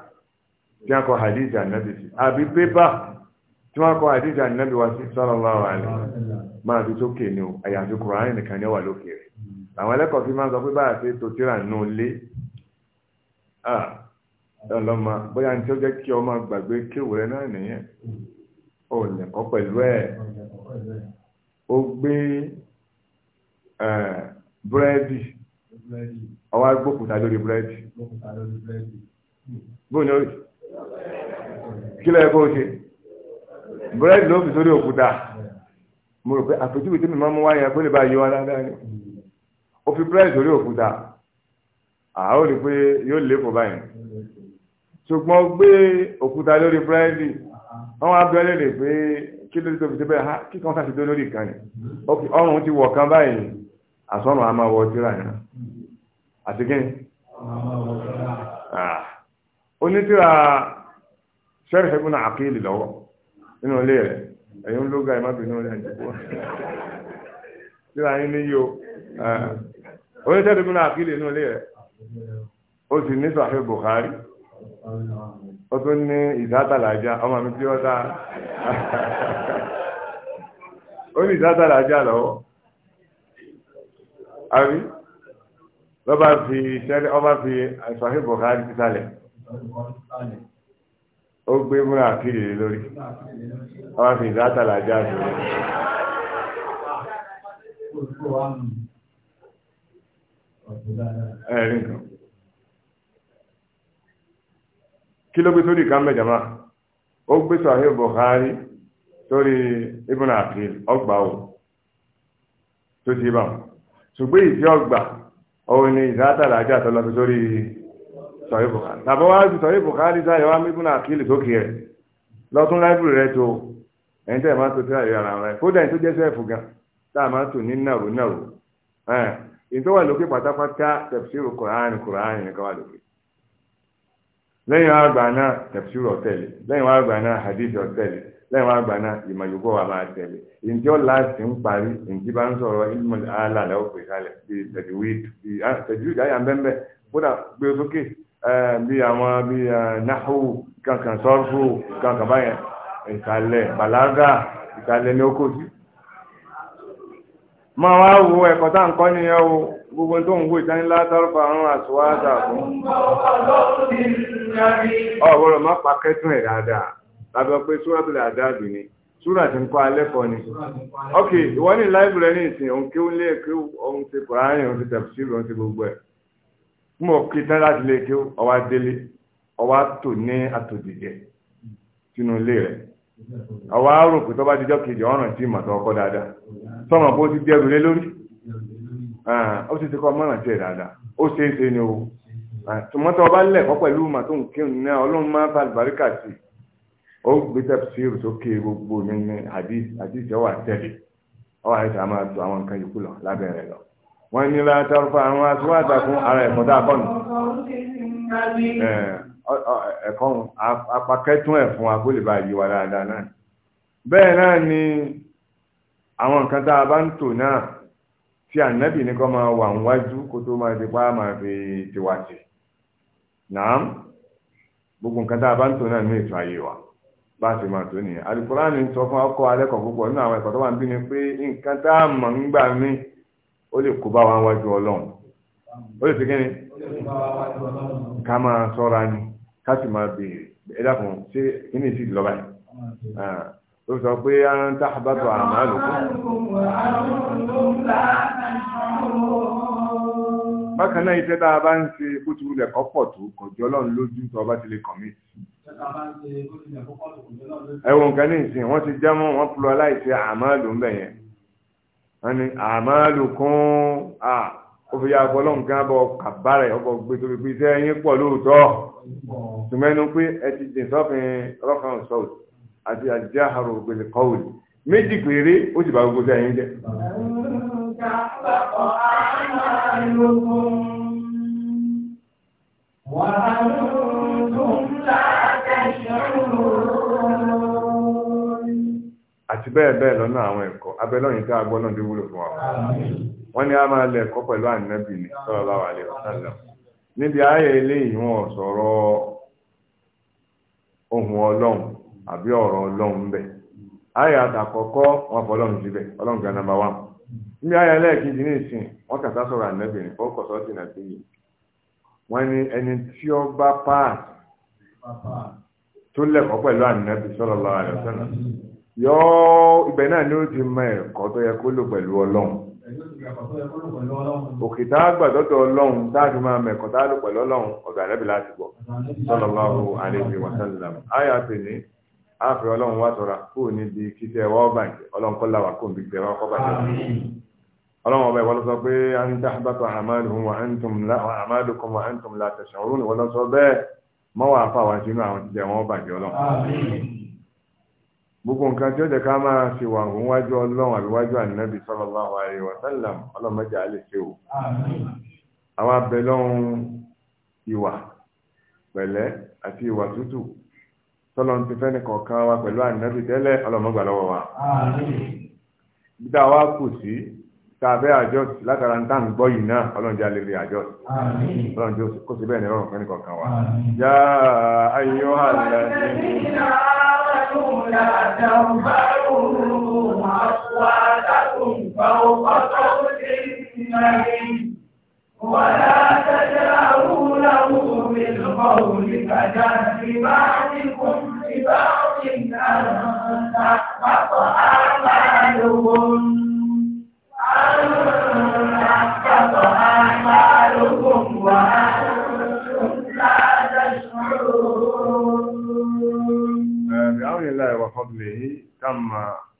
tí wọ́n kọ hadith ànábì sí àbí pépà tí wọ́n kọ hadith ànábì wá sí sallallahu alaihi máa fi tókè ní àyàfi kùránì nìkan ní wà lókè rẹ̀ àwọn ẹlẹ́kọ̀ọ́ fi máa sọ pé báyà tó nù lé ọlọ́mọ bóyá tí ó jẹ́ kí ọmọ gbàgbé rẹ náà nìyẹn ó lẹ̀kọ́ pẹ̀lú ẹ̀ ó gbé búrẹ́dì ọwọ́ agbókùtà lórí búrẹ́dì bóyá kí lóye kó o ṣe búrẹ́dì ló fi sórí òkúta mo rò pé àpèjúwe tí mi máa ń mú wáyé agbélé bá yé wa dáadáa ni ó fi búrẹ́dì sórí òkúta àá rí pé yóò lé fò báyìí ṣùgbọ́n gbé òkúta lórí búrẹ́dì wọ́n á bẹ́ẹ̀ lè pé kí ló tóbi tó bẹ́ẹ̀ ha kí kan sáà ti dó lórí ìkànnì ọrùn ti wọ̀ kan báyìí àsọ̀rùn a máa wọ tíra yẹn àti kí ni onítìrà sẹ́rẹ̀ ẹ̀gbọ́n àkéèlì lọ́wọ́ nínú ilé rẹ̀ ẹ̀yìn ológa ẹ̀ má bínú rẹ̀ ẹ̀jẹ̀kọ́ síra yín níyì o onítìrà ẹ̀gbọ́n àkéèlì nínú ilé rẹ̀ ó sì ní sọ̀hẹ́ Bukhari ó tún ní ìdátàlájà ọmọ mi tí ó dá ó ní ìdátàlájà lọ́wọ́ àbí lọ́ba fi sẹ́rẹ̀ ọba fi sọ̀hẹ́ Bukhari sísàlẹ̀ ó gbé múra àkìrì lé lórí ọba fi ìdátàlà jáde ẹ̀rí nǹkan kí ló gbé sórí ìkàmbẹ̀ jama ó gbé sahih Bukhari sórí ibn akil ọgbà o tó ti bá wọn ṣùgbọ́n ìdí ọgbà òun ni ìdátàlà jáde lọ sórí sọ̀rí bùkárì tàbí wá ju sọ̀rí bùkárì sáyẹ̀ wá mímú náà kílì sókè rẹ̀ lọ́tún láìbùrì rẹ̀ tó ẹni tẹ́ ẹ̀ máa ń tó tẹ́lẹ̀ ara rẹ̀ kódà ẹni tó jẹ́ sẹ́ẹ̀fù gan tá a máa ń tò ní nàró nàró ẹni tó wà lókè pátápátá tẹ̀fṣírù kùránì kùránì nìkan wà lókè lẹ́yìn wá gbà náà tẹ̀fṣírù ọ̀tẹ̀lẹ̀ lẹ́yìn wá gbà náà hadith ọ̀tẹ̀lẹ̀ lẹ́yìn wá gbà náà ìmọ̀ yòókù wà máa tẹ̀lé ìjọ láti ń parí ìjì bá ń sọ̀rọ̀ ilmu àlà lẹ́wọ̀ pè kalẹ̀ bíi tẹ̀júwìd bíi ah, tẹ̀júwìd àyà ń bẹ́ẹ̀ bódà gbé sókè Eh, bí àwọn bí eh, náhù kankan sọ́rfù kankan báyẹn ìkàlẹ̀ bàlágà ìkàlẹ̀ ní okò sí máa wá wo ẹ̀kọ́ tá ń kọ́ nìyẹn o gbogbo tó ń wo ìtánilá sọ́rfù àrùn àsùwádà fún ọ̀bọ̀rọ̀ má pa kẹ́tùn ẹ̀ dáadáa lábẹ́ pé súrà tó lè àdáàdù ni súrà ti ń kọ́ alẹ́ kọ́ ni ok ìwọ ní láìbù rẹ ní ìsìn òun kí ó lé kí òun ti kùránì òun ti tẹ̀síìrì òun ti gbogbo ẹ̀ mo kí tán láti lè kí ọwá délé ọwá tò ní àtòjìjẹ sínú ilé rẹ ọwá rò pé tó bá dijọ́ kejì ọ̀ràn tí mà tó ọkọ dáadáa sọmọ bó ti dẹrù lé lórí ó sì ti kọ́ mọ́ràn tiẹ̀ dáadáa ó ṣe é ṣe ni o tòmọ́tò ọba lẹ̀kọ́ pẹ̀lú mà tó ń kírun náà ọlọ́run máa bá àlùbáríkà sí ó gbé tẹ̀síìrù sókè gbogbo mi ní àdìs àdìs ọwà wọ́n ní látọ́rọ́fà àwọn aṣíwájà fún ara ẹ̀kọ́ dákọ́nù ẹ̀kọ́ apakẹ́tún ẹ̀ fún agbólèbá yìí wà dáadáa náà bẹ́ẹ̀ náà ni àwọn nǹkan tá a bá ń tò náà tí ànábì ní kọ́ máa wà ń wájú kó tó máa ti pa máa fi tiwàtì náà gbogbo nǹkan tá a bá ń tò náà ní ètò ayé wa bá a ṣe máa tò nìyẹn Al-Kùránì sọ fún ọkọ alẹ́kọ̀ọ́ púpọ̀ nínú àwọn ẹ̀kọ́ tó wà ń bí ni pé nǹkan tá a mọ̀ ń gbà míì ó lè kó bá wa wájú ọlọ́run ó lè ṣe kí ni ká máa sọ́ra ni ká sì máa béèrè ẹ dákun ṣé kí ni ìsìn lọ́ba yìí ó sọ pé à ń tá àbátọ̀ àmọ́ àlùkò. bákan náà iṣẹ́ a bá ń ṣe bó ti wulẹ̀ kọ́ pọ̀ tó kọjọ́ ọlọ́run lójú tó ọba ti lè kàn mí ẹ̀wọ̀n kan ní ìsìn wọ́n ti jẹ́ mọ́ wọ́n pulọ́ aláìsí àmọ́ ń bẹ̀ yẹn wọ́n ní àmàlùkún à ó fi yàgò ọlọ́run kan bọ̀ kàbárẹ̀ ọkọ̀ gbé tóbi pé iṣẹ́ yín pọ̀ lóòótọ́ tùmẹ́nu pé ẹ ti dì sọ́fin rọ́kàn sọ́ọ̀tù àti àjá àrò ògbèlè kọ́ọ̀lù méjì péré ó sì bá gbogbo sẹ́yìn jẹ́. wàá bẹ́ẹ̀ bẹ́ẹ̀ lọ́nà àwọn ẹ̀kọ́ abẹ́lọ́yìn a gbọ́ náà wúlò fún wa a máa lẹ̀ pẹ̀lú ànábì ní sallallahu alaihi wasallam níbi ayé eléyìí wọn sọ̀rọ̀ ohun ọlọ́run àbí ọ̀rọ̀ ọlọ́run bẹ̀ ayé àtàkọ́kọ́ wọn fọ ọlọ́run síbẹ̀ ọlọ́run nàmbà wà níbi ayé ẹlẹ́ẹ̀kejì ní ìsìn wọn kàtà sọ̀rọ̀ ní yọ ibẹ̀ náà ni ó ti mọ ẹ̀kọ́ tó yẹ kó lò pẹ̀lú ọlọ́run òkìtá gbàdọ́dọ̀ ọlọ́run dáàbí máa mẹ̀kọ́ tá lò pẹ̀lú ọlọ́run ọ̀gá rẹ̀ bí láti gbọ́ sallallahu alaihi wa sallam àyà pè ní àfẹ́ ọlọ́run wá tọ́ra kó níbi kíkẹ́ wá bàjẹ́ ọlọ́run kọ́ làwà kó níbi kíkẹ́ wá kọ́ bàjẹ́ ọlọ́run ọba ìwọ́n sọ pé à àmàlùkùn wa antum la tash'urun ìwọ́n sọ gbogbo nǹkan tí ó jẹ́ ká máa ṣe wà ń wájú ọlọ́run àbíwájú ànábì sallallahu alaihi wa sallam ọlọ́mọdé alẹ́ ṣe o. àwọn abẹ́lọ́run ìwà pẹ̀lẹ́ àti ìwà tútù tọ́lọ́n ti fẹ́ni kọ̀ọ̀kan wa pẹ̀lú ànábì tẹ́lẹ̀ ọlọ́mọgbà lọ́wọ́ wa. bídà wa kù sí tàbẹ́ àjọ látara ń tàn gbọ́ yìí náà ọlọ́njẹ́ alẹ́rẹ́ àjọ ọlọ́njẹ́ kó sì bẹ́ẹ̀ ní ọlọ́run fẹ́ni kọ̀ọ̀kan wa. yá ayé wà lẹ́yìn. أنتم لا تنفعون أصواتكم فوق صوت النبي ولا تجهروا له بالقول كجهل بعضكم لبعض أن تحبط أعمالكم أن 没干嘛。